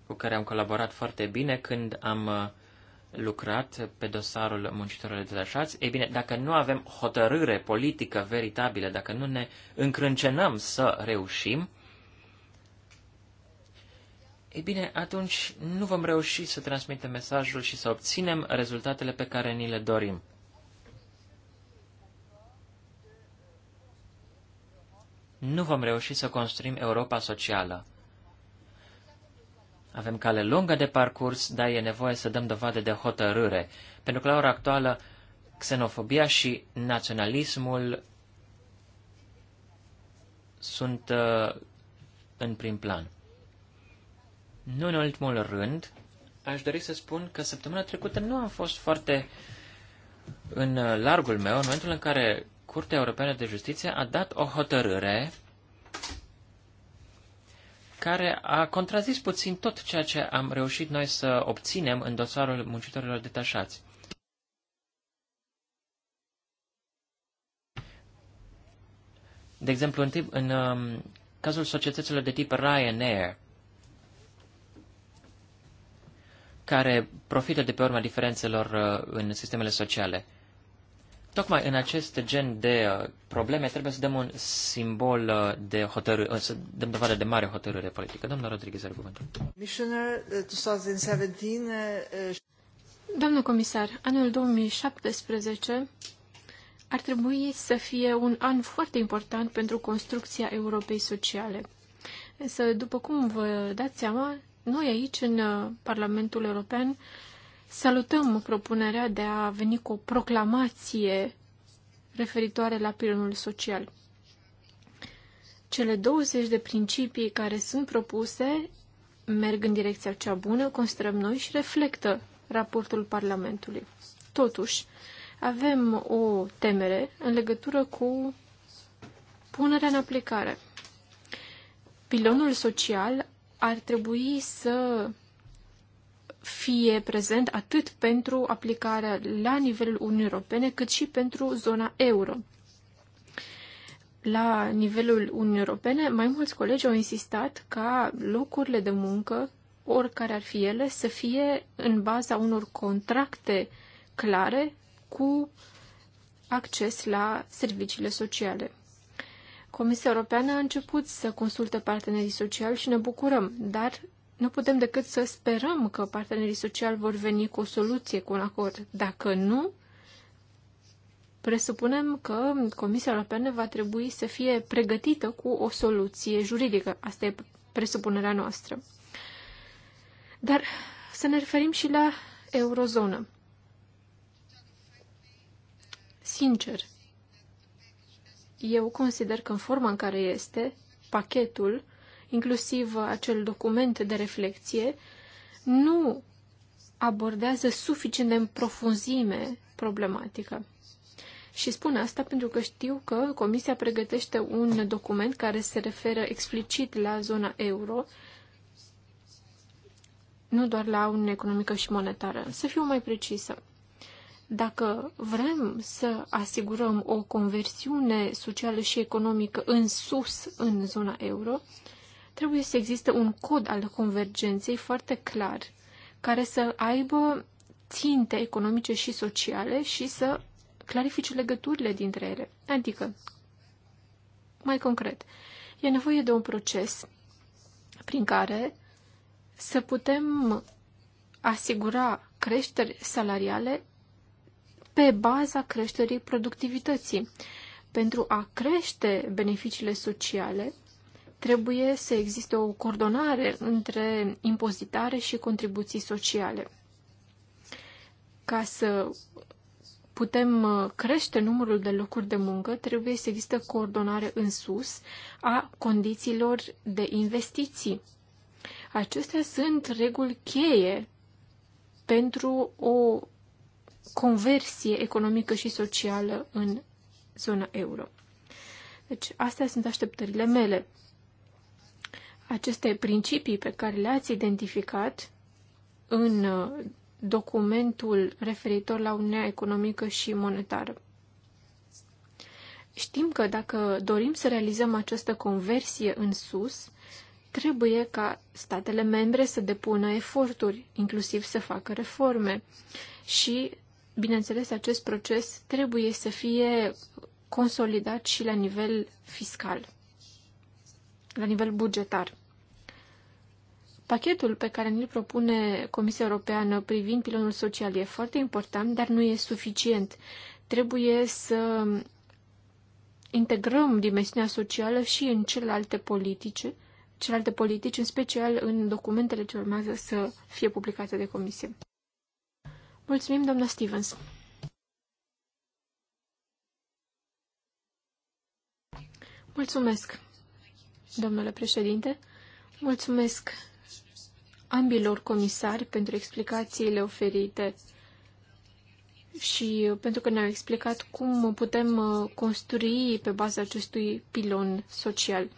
cu care am colaborat foarte bine când am uh, lucrat pe dosarul muncitorilor detașați. Ei bine, dacă nu avem hotărâre politică veritabilă, dacă nu ne încrâncenăm să reușim, ei bine, atunci nu vom reuși să transmitem mesajul și să obținem rezultatele pe care ni le dorim. Nu vom reuși să construim Europa socială. Avem cale lungă de parcurs, dar e nevoie să dăm dovadă de hotărâre, pentru că la ora actuală xenofobia și naționalismul sunt uh, în prim plan. Nu în ultimul rând, aș dori să spun că săptămâna trecută nu am fost foarte în uh, largul meu, în momentul în care Curtea Europeană de Justiție a dat o hotărâre care a contrazis puțin tot ceea ce am reușit noi să obținem în dosarul muncitorilor detașați. De exemplu, în, tip, în um, cazul societăților de tip Ryanair, care profită de pe urma diferențelor uh, în sistemele sociale. Tocmai în acest gen de uh, probleme trebuie să dăm un simbol uh, de hotărâre, să dăm dovadă de mare hotărâre politică. Domnul Rodriguez, are cuvântul. domnul comisar, anul 2017 ar trebui să fie un an foarte important pentru construcția Europei sociale. Însă, după cum vă dați seama, noi aici, în uh, Parlamentul European, salutăm propunerea de a veni cu o proclamație referitoare la pilonul social. Cele 20 de principii care sunt propuse merg în direcția cea bună, considerăm noi și reflectă raportul Parlamentului. Totuși, avem o temere în legătură cu punerea în aplicare. Pilonul social ar trebui să fie prezent atât pentru aplicarea la nivelul Uniunii Europene, cât și pentru zona euro. La nivelul Uniunii Europene, mai mulți colegi au insistat ca locurile de muncă, oricare ar fi ele, să fie în baza unor contracte clare cu acces la serviciile sociale. Comisia Europeană a început să consulte partenerii sociali și ne bucurăm, dar nu putem decât să sperăm că partenerii sociali vor veni cu o soluție, cu un acord. Dacă nu, presupunem că Comisia Europeană va trebui să fie pregătită cu o soluție juridică. Asta e presupunerea noastră. Dar să ne referim și la eurozonă. Sincer, eu consider că în forma în care este, pachetul, inclusiv acel document de reflexie, nu abordează suficient de în profunzime problematica. Și spun asta pentru că știu că Comisia pregătește un document care se referă explicit la zona euro, nu doar la Uniunea Economică și Monetară. Să fiu mai precisă. Dacă vrem să asigurăm o conversiune socială și economică în sus în zona euro, trebuie să existe un cod al convergenței foarte clar, care să aibă ținte economice și sociale și să clarifice legăturile dintre ele. Adică, mai concret, e nevoie de un proces prin care să putem asigura creșteri salariale pe baza creșterii productivității. Pentru a crește beneficiile sociale, trebuie să existe o coordonare între impozitare și contribuții sociale. Ca să putem uh, crește numărul de locuri de muncă, trebuie să existe coordonare în sus a condițiilor de investiții. Acestea sunt reguli cheie pentru o conversie economică și socială în zona euro. Deci, astea sunt așteptările mele. Aceste principii pe care le-ați identificat în uh, documentul referitor la Uniunea Economică și Monetară. Știm că dacă dorim să realizăm această conversie în sus, trebuie ca statele membre să depună eforturi, inclusiv să facă reforme și Bineînțeles, acest proces trebuie să fie consolidat și la nivel fiscal, la nivel bugetar. Pachetul pe care ne-l propune Comisia Europeană privind pilonul social e foarte important, dar nu e suficient. Trebuie să integrăm dimensiunea socială și în celelalte politice, celelalte politici, în special în documentele ce urmează să fie publicate de Comisie. Mulțumim, doamna Stevens. Mulțumesc, domnule președinte. Mulțumesc ambilor comisari pentru explicațiile oferite și pentru că ne-au explicat cum putem uh, construi pe baza acestui pilon social.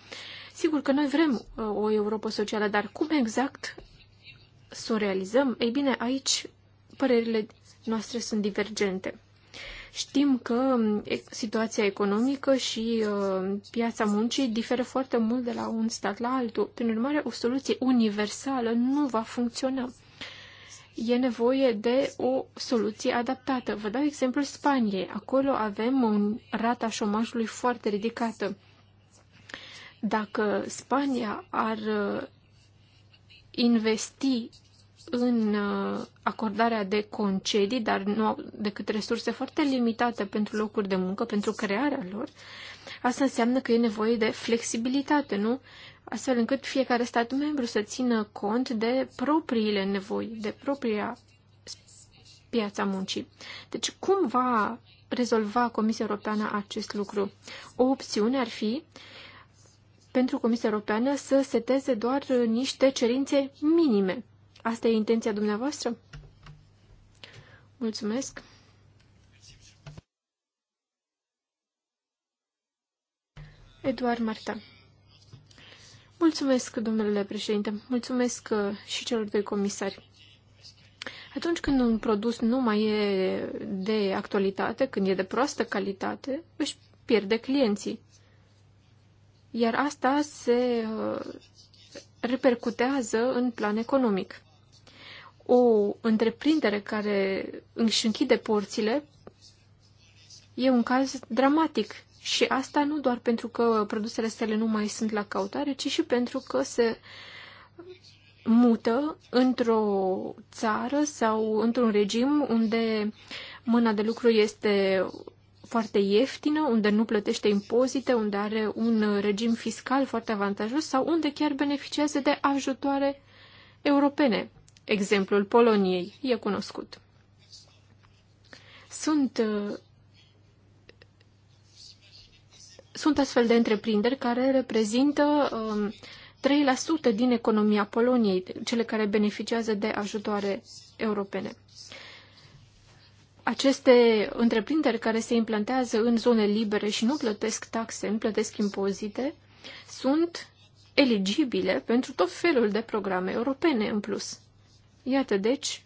Sigur că noi vrem uh, o Europa socială, dar cum exact să o realizăm? Ei bine, aici părerile noastre sunt divergente. Știm că situația economică și uh, piața muncii diferă foarte mult de la un stat la altul. Prin urmare, o soluție universală nu va funcționa. E nevoie de o soluție adaptată. Vă dau exemplul Spaniei. Acolo avem o rata șomajului foarte ridicată. Dacă Spania ar uh, investi în uh, acordarea de concedii, dar nu au decât resurse foarte limitate pentru locuri de muncă, pentru crearea lor, asta înseamnă că e nevoie de flexibilitate, nu? Astfel încât fiecare stat membru să țină cont de propriile nevoi, de propria piața muncii. Deci, cum va rezolva Comisia Europeană acest lucru? O opțiune ar fi pentru Comisia Europeană să seteze doar niște cerințe minime Asta e intenția dumneavoastră? Mulțumesc. Eduard Marta. Mulțumesc, domnule președinte. Mulțumesc uh, și celor doi comisari. Atunci când un produs nu mai e de actualitate, când e de proastă calitate, își pierde clienții. Iar asta se uh, repercutează în plan economic o întreprindere care își închide porțile e un caz dramatic. Și asta nu doar pentru că produsele sale nu mai sunt la căutare, ci și pentru că se mută într-o țară sau într-un regim unde mâna de lucru este foarte ieftină, unde nu plătește impozite, unde are un regim fiscal foarte avantajos sau unde chiar beneficiază de ajutoare europene. Exemplul Poloniei e cunoscut. Sunt, uh, sunt astfel de întreprinderi care reprezintă 3% um, din economia Poloniei, cele care beneficiază de ajutoare europene aceste întreprinderi care se implantează în zone libere și nu plătesc taxe, nu plătesc impozite, sunt eligibile pentru tot felul de programe europene în plus. Iată, deci,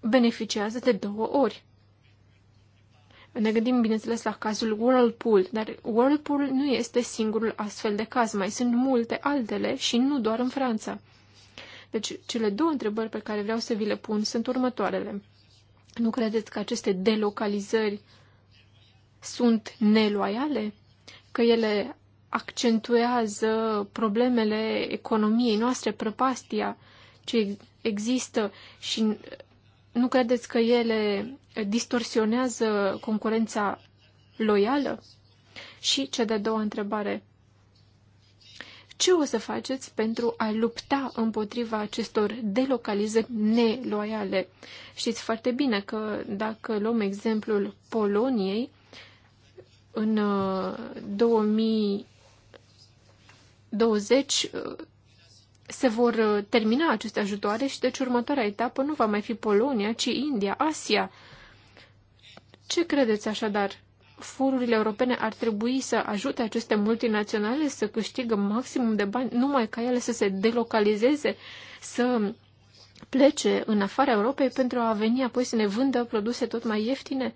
beneficiază de două ori. Ne gândim, bineînțeles, la cazul Whirlpool, dar Whirlpool nu este singurul astfel de caz, mai sunt multe altele și nu doar în Franța. Deci, cele două întrebări pe care vreau să vi le pun sunt următoarele. Nu credeți că aceste delocalizări sunt neloiale? Că ele accentuează problemele economiei noastre, prăpastia ce există și nu credeți că ele distorsionează concurența loială? Și cea de-a doua întrebare. Ce o să faceți pentru a lupta împotriva acestor delocalizări neloiale? Știți foarte bine că dacă luăm exemplul Poloniei, în 2000 uh, 20 uh, se vor uh, termina aceste ajutoare și deci următoarea etapă nu va mai fi Polonia, ci India, Asia. Ce credeți așadar? Forurile europene ar trebui să ajute aceste multinaționale să câștigă maximum de bani numai ca ele să se delocalizeze, să plece în afara Europei pentru a veni apoi să ne vândă produse tot mai ieftine?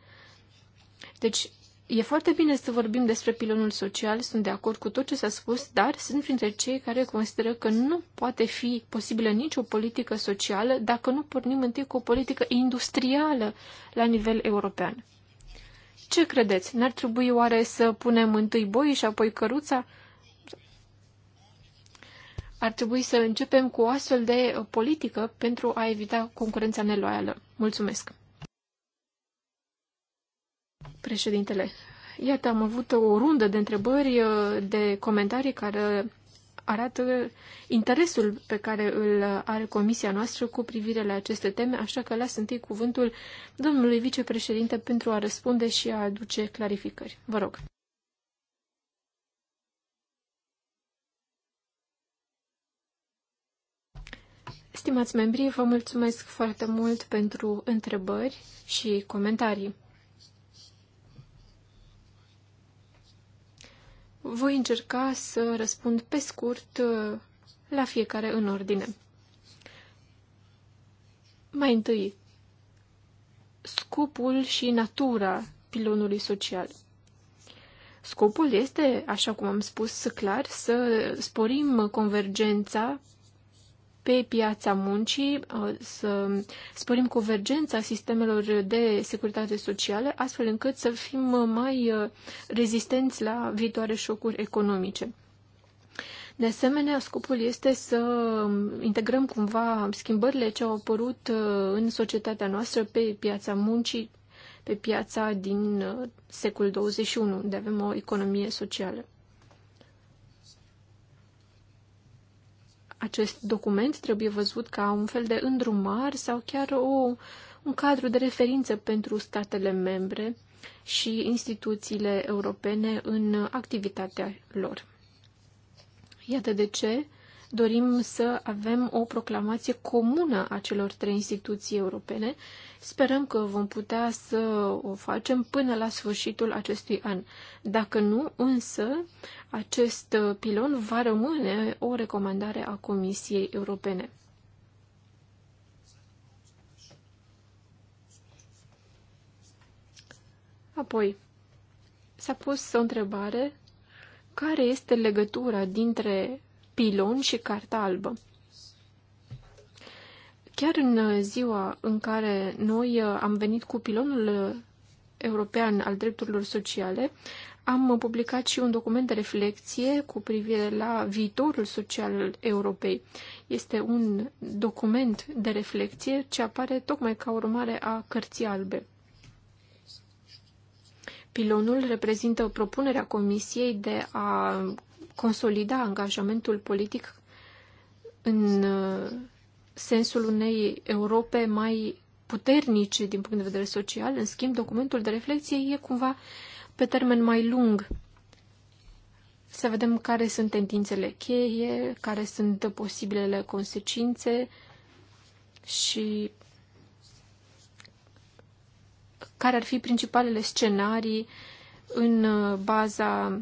Deci E foarte bine să vorbim despre pilonul social, sunt de acord cu tot ce s-a spus, dar sunt printre cei care consideră că nu poate fi posibilă nicio politică socială dacă nu pornim întâi cu o politică industrială la nivel european. Ce credeți? N-ar trebui oare să punem întâi boii și apoi căruța? Ar trebui să începem cu o astfel de politică pentru a evita concurența neloială. Mulțumesc! Președintele, iată, am avut o rundă de întrebări, uh, de comentarii care arată interesul pe care îl are comisia noastră cu privire la aceste teme, așa că las întâi cuvântul domnului vicepreședinte pentru a răspunde și a aduce clarificări. Vă rog. Stimați membri, vă mulțumesc foarte mult pentru întrebări și comentarii. Voi încerca să răspund pe scurt uh, la fiecare în ordine. Mai întâi, scopul și natura pilonului social. Scopul este, așa cum am spus clar, să sporim convergența pe piața muncii, uh, să sporim convergența sistemelor de securitate socială, astfel încât să fim mai uh, rezistenți la viitoare șocuri economice. De asemenea, scopul este să integrăm cumva schimbările ce au apărut uh, în societatea noastră pe piața muncii, pe piața din secolul 21, unde avem o economie socială. acest document trebuie văzut ca un fel de îndrumar sau chiar o, un cadru de referință pentru statele membre și instituțiile europene în activitatea lor. Iată de ce Dorim să avem o proclamație comună a celor trei instituții europene. Sperăm că vom putea să o facem până la sfârșitul acestui an. Dacă nu, însă, acest pilon va rămâne o recomandare a Comisiei Europene. Apoi, s-a pus o întrebare care este legătura dintre pilon și carta albă. Chiar în ziua în care noi uh, am venit cu pilonul uh, european al drepturilor sociale, am publicat și un document de reflexie cu privire la viitorul social al Europei. Este un document de reflexie ce apare tocmai ca urmare a cărții albe. Pilonul reprezintă propunerea Comisiei de a consolida angajamentul politic în uh, sensul unei Europe mai puternice din punct de vedere social. În schimb, documentul de reflexie e cumva pe termen mai lung. Să vedem care sunt tendințele cheie, care sunt posibilele consecințe și care ar fi principalele scenarii în uh, baza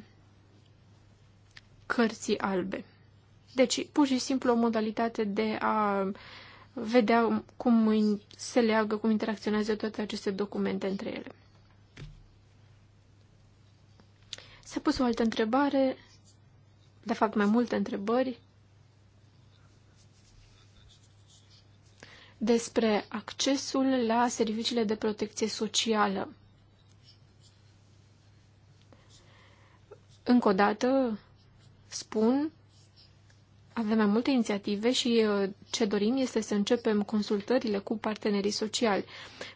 cărții albe. Deci, pur și simplu o modalitate de a vedea cum se leagă, cum interacționează toate aceste documente între ele. S-a pus o altă întrebare, de fapt mai multe întrebări, despre accesul la serviciile de protecție socială. Încă o dată, spun, avem mai multe inițiative și uh, ce dorim este să începem consultările cu partenerii sociali.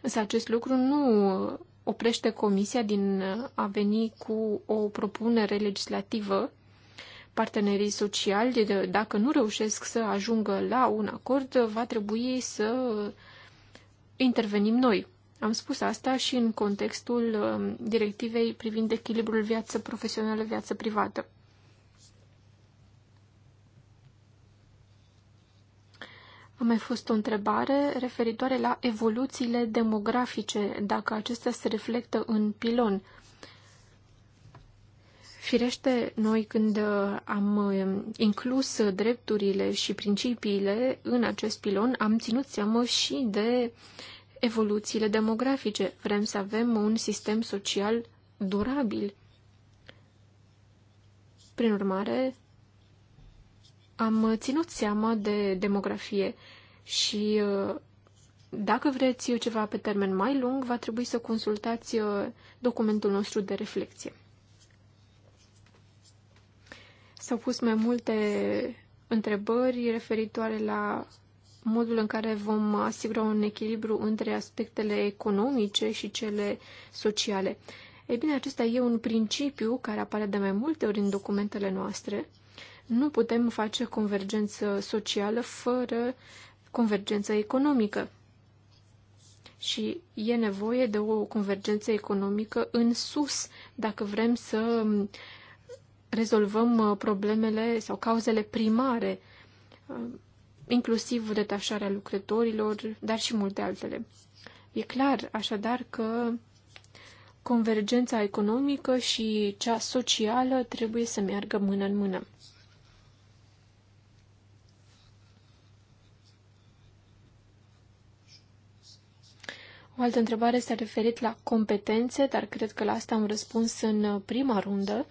Însă acest lucru nu uh, oprește Comisia din uh, a veni cu o propunere legislativă. Partenerii sociali, dacă nu reușesc să ajungă la un acord, va trebui să intervenim noi. Am spus asta și în contextul directivei privind echilibrul viață profesională-viață privată. A mai fost o întrebare referitoare la evoluțiile demografice, dacă acestea se reflectă în pilon. Firește, noi când am eh, inclus drepturile și principiile în acest pilon, am ținut seamă și de evoluțiile demografice. Vrem să avem un sistem social durabil. Prin urmare, am uh, ținut seama de demografie și uh, dacă vreți ceva pe termen mai lung, va trebui să consultați uh, documentul nostru de reflexie. S-au pus mai multe întrebări referitoare la modul în care vom asigura un echilibru între aspectele economice și cele sociale. Ei bine, acesta e un principiu care apare de mai multe ori în documentele noastre nu putem face convergență socială fără convergență economică. Și e nevoie de o convergență economică în sus, dacă vrem să rezolvăm uh, problemele sau cauzele primare, uh, inclusiv detașarea lucrătorilor, dar și multe altele. E clar, așadar, că convergența economică și cea socială trebuie să meargă mână în mână. altă întrebare s-a referit la competențe, dar cred că la asta am răspuns în uh, prima rundă.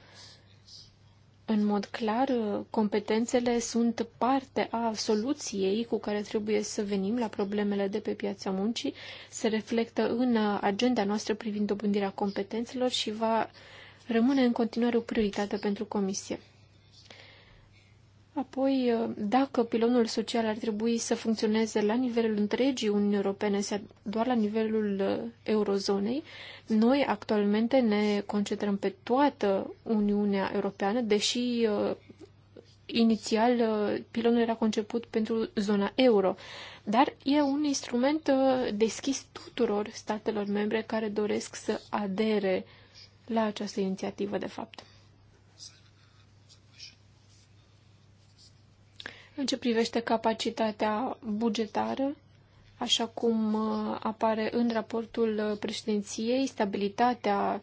În mod clar, uh, competențele sunt parte a soluției cu care trebuie să venim la problemele de pe piața muncii, se reflectă în uh, agenda noastră privind dobândirea competențelor și va rămâne în continuare o prioritate pentru Comisie. Apoi, dacă pilonul social ar trebui să funcționeze la nivelul întregii Uniunii Europene, doar la nivelul uh, eurozonei, noi actualmente ne concentrăm pe toată Uniunea Europeană, deși uh, inițial uh, pilonul era conceput pentru zona euro, dar e un instrument deschis tuturor statelor membre care doresc să adere la această inițiativă, de fapt. În ce privește capacitatea bugetară, așa cum uh, apare în raportul uh, președinției, stabilitatea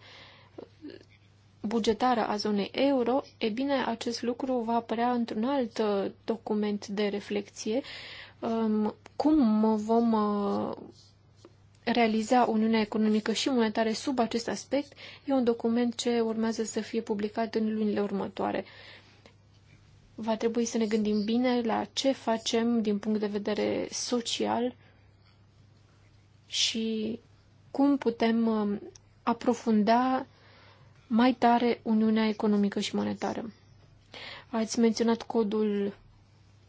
bugetară a zonei euro, e bine, acest lucru va apărea într-un alt uh, document de reflexie. Um, cum vom realiza Uniunea Economică și Monetară sub acest aspect e un document ce urmează să fie publicat în lunile următoare va trebui să ne gândim bine la ce facem din punct de vedere social și cum putem um, aprofunda mai tare Uniunea Economică și Monetară. Ați menționat codul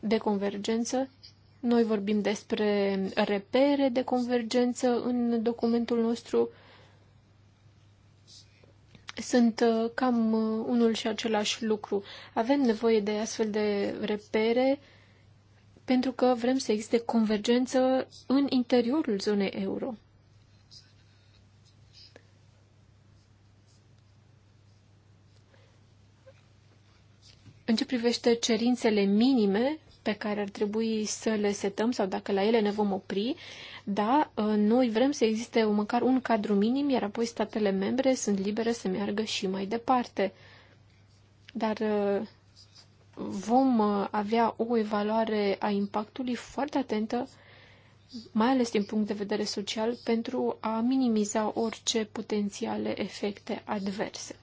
de convergență. Noi vorbim despre repere de convergență în documentul nostru sunt uh, cam uh, unul și același lucru. Avem nevoie de astfel de repere pentru că vrem să existe convergență în interiorul zonei euro. În ce privește cerințele minime, pe care ar trebui să le setăm sau dacă la ele ne vom opri, da, ă, noi vrem să existe măcar un cadru minim, iar apoi statele membre sunt libere să meargă și mai departe. Dar ă, vom ă, avea o evaluare a impactului foarte atentă, mai ales din punct de vedere social, pentru a minimiza orice potențiale efecte adverse.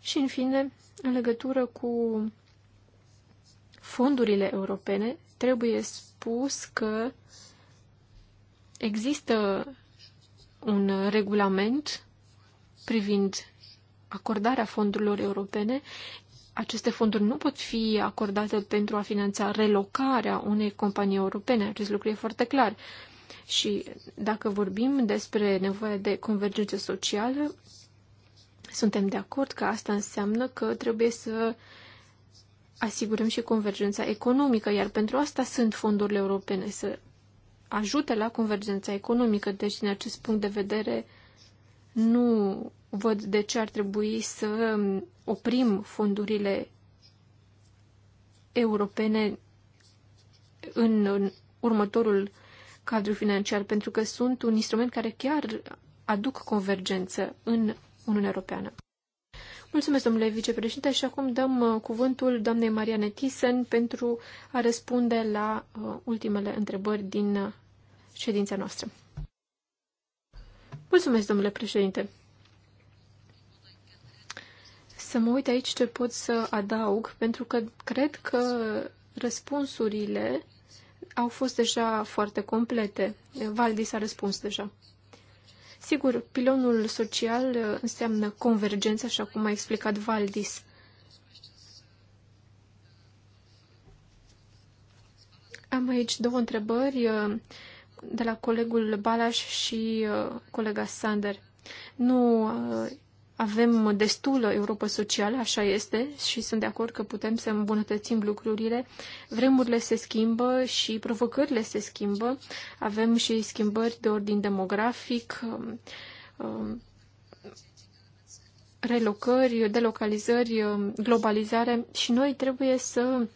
Și, în fine, în legătură cu fondurile europene, trebuie spus că există un regulament privind acordarea fondurilor europene. Aceste fonduri nu pot fi acordate pentru a finanța relocarea unei companii europene. Acest lucru e foarte clar. Și dacă vorbim despre nevoia de convergență socială, suntem de acord că asta înseamnă că trebuie să uh, asigurăm și convergența economică, iar pentru asta sunt fondurile europene, să ajute la convergența economică. Deci, din acest punct de vedere, nu văd de ce ar trebui să oprim fondurile europene în următorul cadru financiar, pentru că sunt un instrument care chiar aduc convergență în Uniunea Europeană. Mulțumesc, domnule vicepreședinte, și acum dăm uh, cuvântul doamnei Mariane Thyssen pentru a răspunde la uh, ultimele întrebări din uh, ședința noastră. Mulțumesc, domnule președinte. Să mă uit aici ce pot să adaug, pentru că cred că răspunsurile au fost deja foarte complete. Valdis a răspuns deja. Sigur, pilonul social uh, înseamnă convergență, așa cum a explicat Valdis. Am aici două întrebări uh, de la colegul Balas și uh, colega Sander. Nu avem destulă Europa socială, așa este, și sunt de acord că putem să îmbunătățim lucrurile. Vremurile se schimbă și provocările se schimbă. Avem și schimbări de ordin demografic, um, um, relocări, delocalizări, um, globalizare și noi trebuie să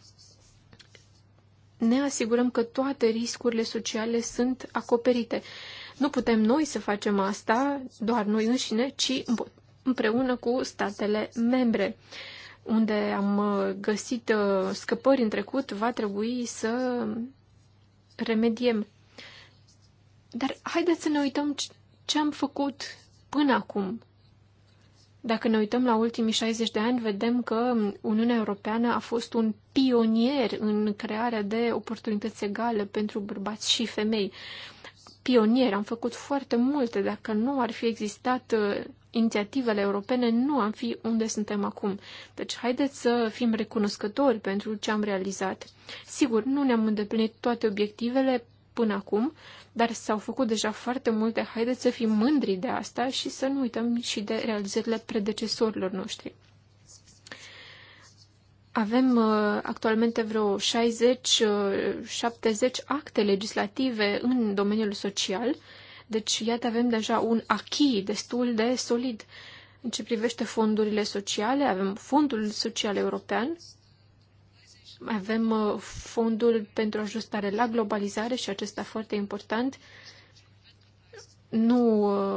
ne asigurăm că toate riscurile sociale sunt acoperite. Nu putem noi să facem asta, doar noi înșine, ci împreună cu statele membre. Unde am uh, găsit uh, scăpări în trecut, va trebui să remediem. Dar haideți să ne uităm ce am făcut până acum. Dacă ne uităm la ultimii 60 de ani, vedem că Uniunea Europeană a fost un pionier în crearea de oportunități egale pentru bărbați și femei. Pionier, am făcut foarte multe. Dacă nu ar fi existat uh, inițiativele europene nu am fi unde suntem acum. Deci haideți să fim recunoscători pentru ce am realizat. Sigur, nu ne-am îndeplinit toate obiectivele până acum, dar s-au făcut deja foarte multe. Haideți să fim mândri de asta și să nu uităm și de realizările predecesorilor noștri. Avem uh, actualmente vreo 60-70 uh, acte legislative în domeniul social deci, iată, avem deja un achii destul de solid. În ce privește fondurile sociale, avem Fondul Social European, avem uh, Fondul pentru Ajustare la Globalizare și acesta foarte important, nu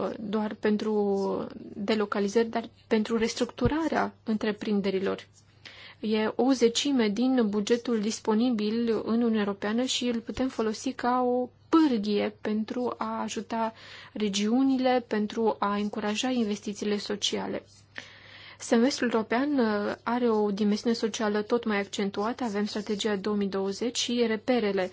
uh, doar pentru delocalizări, dar pentru restructurarea întreprinderilor. E o zecime din bugetul disponibil în Uniunea Europeană și îl putem folosi ca o pârghie pentru a ajuta regiunile, pentru a încuraja investițiile sociale. Semestrul european uh, are o dimensiune socială tot mai accentuată, avem strategia 2020 și reperele.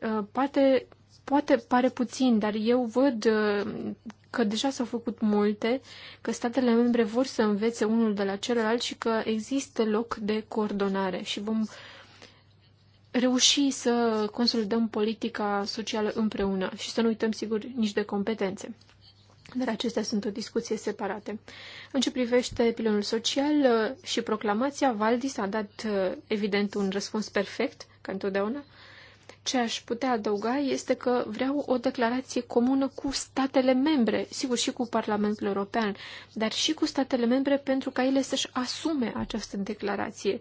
Uh, poate, poate pare puțin, dar eu văd uh, că deja s-au făcut multe, că statele membre vor să învețe unul de la celălalt și că există loc de coordonare și vom reuși să consolidăm politica socială împreună și să nu uităm, sigur, nici de competențe. Dar acestea sunt o discuție separate. În ce privește pilonul social uh, și proclamația, Valdis a dat, uh, evident, un răspuns perfect, ca întotdeauna. Ce aș putea adăuga este că vreau o declarație comună cu statele membre, sigur și cu Parlamentul European, dar și cu statele membre pentru ca ele să-și asume această declarație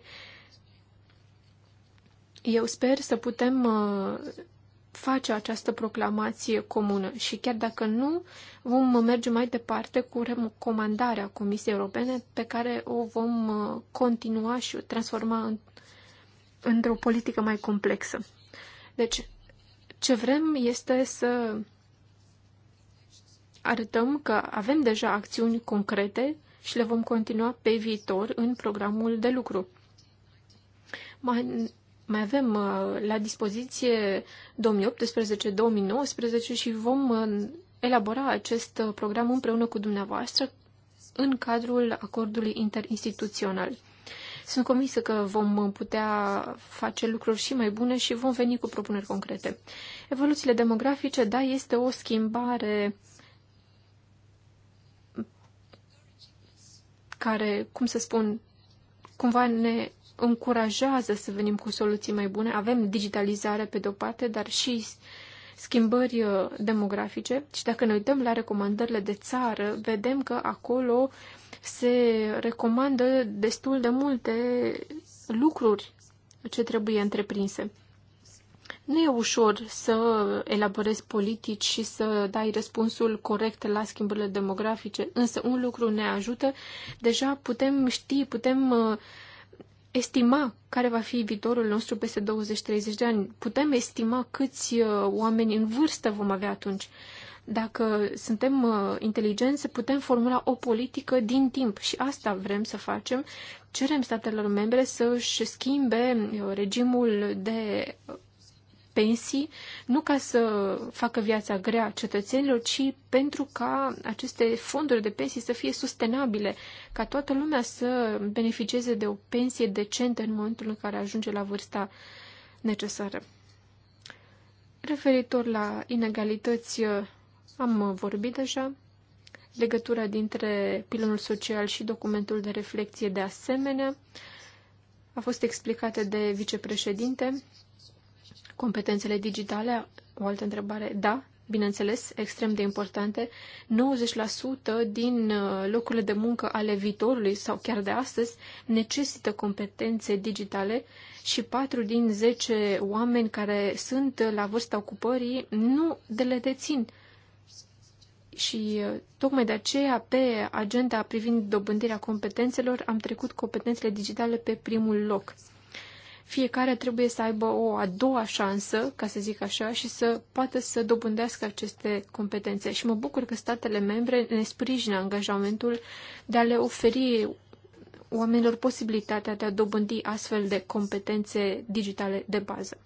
eu sper să putem uh, face această proclamație comună și chiar dacă nu, vom merge mai departe cu recomandarea Comisiei Europene pe care o vom uh, continua și o transforma în, într-o politică mai complexă. Deci, ce vrem este să arătăm că avem deja acțiuni concrete și le vom continua pe viitor în programul de lucru. Mai mai avem uh, la dispoziție 2018-2019 și vom uh, elabora acest uh, program împreună cu dumneavoastră în cadrul acordului interinstituțional. Sunt convinsă că vom putea face lucruri și mai bune și vom veni cu propuneri concrete. Evoluțiile demografice, da, este o schimbare care, cum să spun, cumva ne încurajează să venim cu soluții mai bune. Avem digitalizare pe de-o parte, dar și schimbări uh, demografice și dacă ne uităm la recomandările de țară, vedem că acolo se recomandă destul de multe lucruri ce trebuie întreprinse. Nu e ușor să elaborezi politici și să dai răspunsul corect la schimbările demografice, însă un lucru ne ajută. Deja putem ști, putem uh, estima care va fi viitorul nostru peste 20-30 de ani. Putem estima câți uh, oameni în vârstă vom avea atunci. Dacă suntem uh, inteligenți, putem formula o politică din timp și asta vrem să facem. Cerem statelor membre să și schimbe uh, regimul de pensii, nu ca să facă viața grea cetățenilor, ci pentru ca aceste fonduri de pensii să fie sustenabile, ca toată lumea să beneficieze de o pensie decentă în momentul în care ajunge la vârsta necesară. Referitor la inegalități, am vorbit deja. Legătura dintre pilonul social și documentul de reflexie de asemenea a fost explicată de vicepreședinte. Competențele digitale, o altă întrebare, da, bineînțeles, extrem de importante. 90% din uh, locurile de muncă ale viitorului sau chiar de astăzi necesită competențe digitale și 4 din 10 oameni care sunt la vârsta ocupării nu de le dețin. Și uh, tocmai de aceea, pe agenda privind dobândirea competențelor, am trecut competențele digitale pe primul loc fiecare trebuie să aibă o a doua șansă, ca să zic așa, și să poată să dobândească aceste competențe. Și mă bucur că statele membre ne sprijină angajamentul de a le oferi oamenilor posibilitatea de a dobândi astfel de competențe digitale de bază.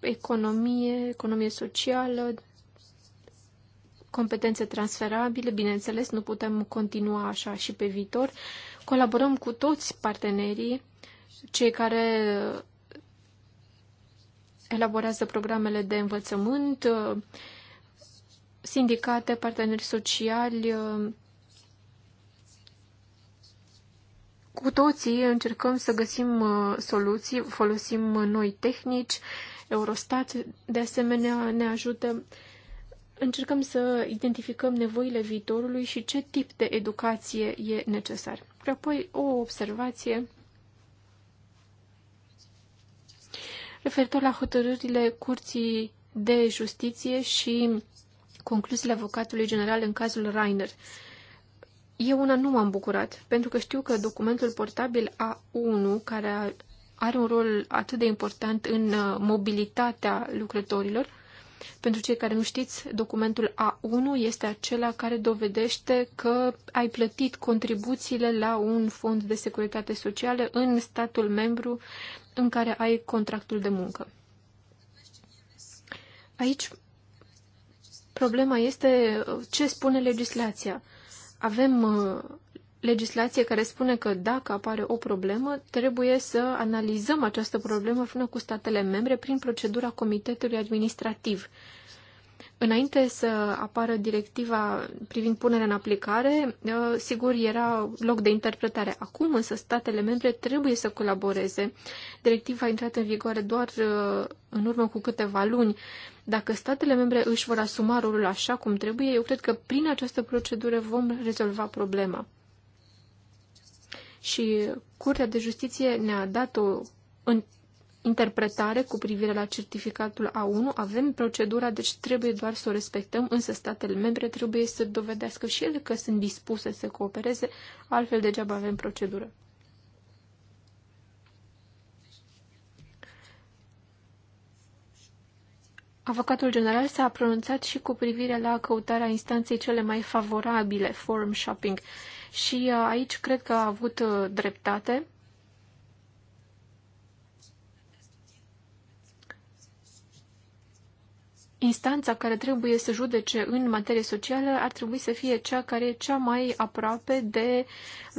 Economie, economie socială, competențe transferabile, bineînțeles, nu putem continua așa și pe viitor. Colaborăm cu toți partenerii, cei care elaborează programele de învățământ, sindicate, parteneri sociali, cu toții încercăm să găsim uh, soluții, folosim noi tehnici, Eurostat de asemenea ne ajută încercăm să identificăm nevoile viitorului și ce tip de educație e necesar. Și apoi o observație referitor la hotărârile Curții de Justiție și concluziile avocatului general în cazul Rainer. Eu una nu m-am bucurat, pentru că știu că documentul portabil A1, care are un rol atât de important în uh, mobilitatea lucrătorilor, pentru cei care nu știți, documentul A1 este acela care dovedește că ai plătit contribuțiile la un fond de securitate socială în statul membru în care ai contractul de muncă. Aici problema este ce spune legislația. Avem uh, legislație care spune că dacă apare o problemă, trebuie să analizăm această problemă până cu statele membre prin procedura Comitetului Administrativ. Înainte să apară directiva privind punerea în aplicare, ă, sigur era loc de interpretare. Acum însă statele membre trebuie să colaboreze. Directiva a intrat în vigoare doar ă, în urmă cu câteva luni. Dacă statele membre își vor asuma rolul așa cum trebuie, eu cred că prin această procedură vom rezolva problema și Curtea de Justiție ne-a dat o interpretare cu privire la certificatul A1. Avem procedura, deci trebuie doar să o respectăm, însă statele membre trebuie să dovedească și ele că sunt dispuse să coopereze, altfel degeaba avem procedură. Avocatul general s-a pronunțat și cu privire la căutarea instanței cele mai favorabile, forum shopping. Uh, și uh, aici cred că a avut uh, dreptate. Instanța care trebuie să judece în materie socială ar trebui să fie cea care e cea mai aproape de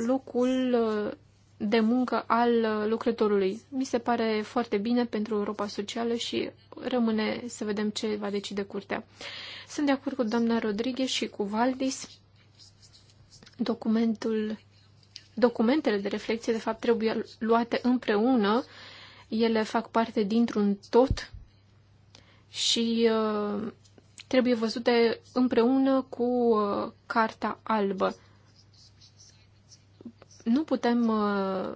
locul uh, de muncă al lucrătorului. Mi se pare foarte bine pentru Europa Socială și rămâne să vedem ce va decide curtea. Sunt de acord cu doamna Rodriguez și cu Valdis documentul, documentele de reflexie, de fapt, trebuie luate împreună. Ele fac parte dintr-un tot și uh, trebuie văzute împreună cu uh, Carta Albă. Nu putem uh,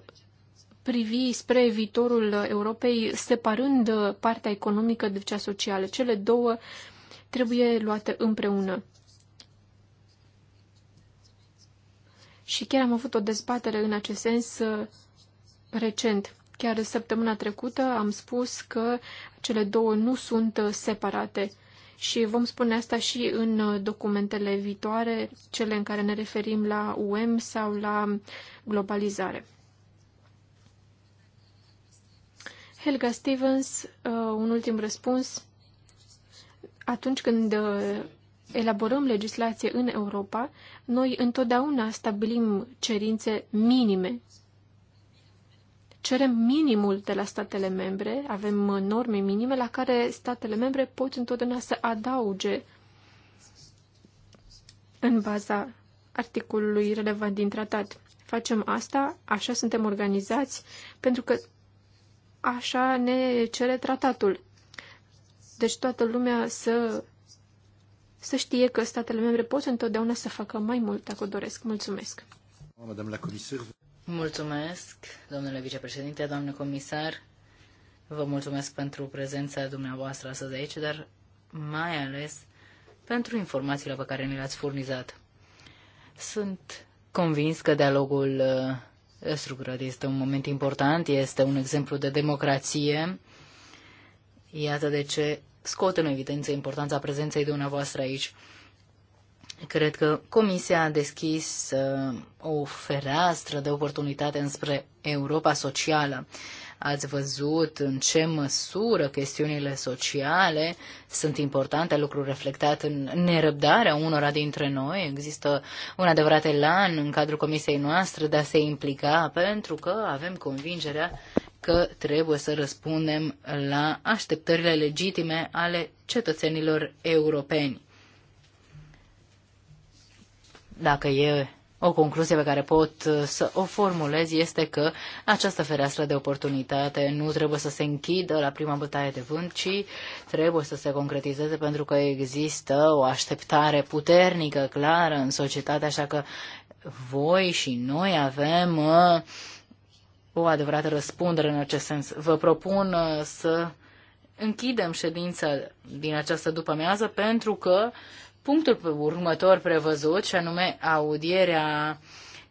privi spre viitorul Europei separând uh, partea economică de cea socială. Cele două trebuie luate împreună. și chiar am avut o dezbatere în acest sens uh, recent. Chiar săptămâna trecută am spus că cele două nu sunt uh, separate și vom spune asta și în uh, documentele viitoare, cele în care ne referim la UM sau la globalizare. Helga Stevens, un ultim răspuns. Atunci când elaborăm legislație în Europa, noi întotdeauna stabilim cerințe minime. Cerem minimul de la statele membre, avem norme minime la care statele membre pot întotdeauna să adauge în baza articolului relevant din tratat. Facem asta, așa suntem organizați, pentru că așa ne cere tratatul. Deci toată lumea să să știe că statele membre pot întotdeauna să facă mai mult dacă doresc. Mulțumesc! Mulțumesc, domnule vicepreședinte, domnule comisar. Vă mulțumesc pentru prezența dumneavoastră astăzi aici, dar mai ales pentru informațiile pe care ni le-ați furnizat. Sunt convins că dialogul uh, structurat este un moment important, este un exemplu de democrație. Iată de ce scot în evidență importanța prezenței dumneavoastră aici. Cred că Comisia a deschis uh, o fereastră de oportunitate înspre Europa socială. Ați văzut în ce măsură chestiunile sociale sunt importante, lucru reflectat în nerăbdarea unora dintre noi. Există un adevărat elan în cadrul Comisiei noastre de a se implica, pentru că avem convingerea că trebuie să răspundem la așteptările legitime ale cetățenilor europeni. Dacă e o concluzie pe care pot uh, să o formulez este că această fereastră de oportunitate nu trebuie să se închidă la prima bătaie de vânt, ci trebuie să se concretizeze pentru că există o așteptare puternică, clară în societate, așa că voi și noi avem uh, o adevărată răspundere în acest sens. Vă propun uh, să închidem ședința din această după-amiază pentru că punctul următor prevăzut, și anume audierea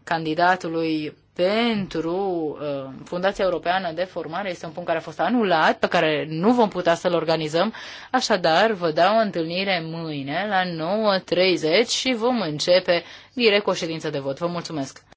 candidatului pentru uh, Fundația Europeană de Formare este un punct care a fost anulat, pe care nu vom putea să-l organizăm. Așadar, vă dau o întâlnire mâine la 9.30 și vom începe direct cu o ședință de vot. Vă mulțumesc!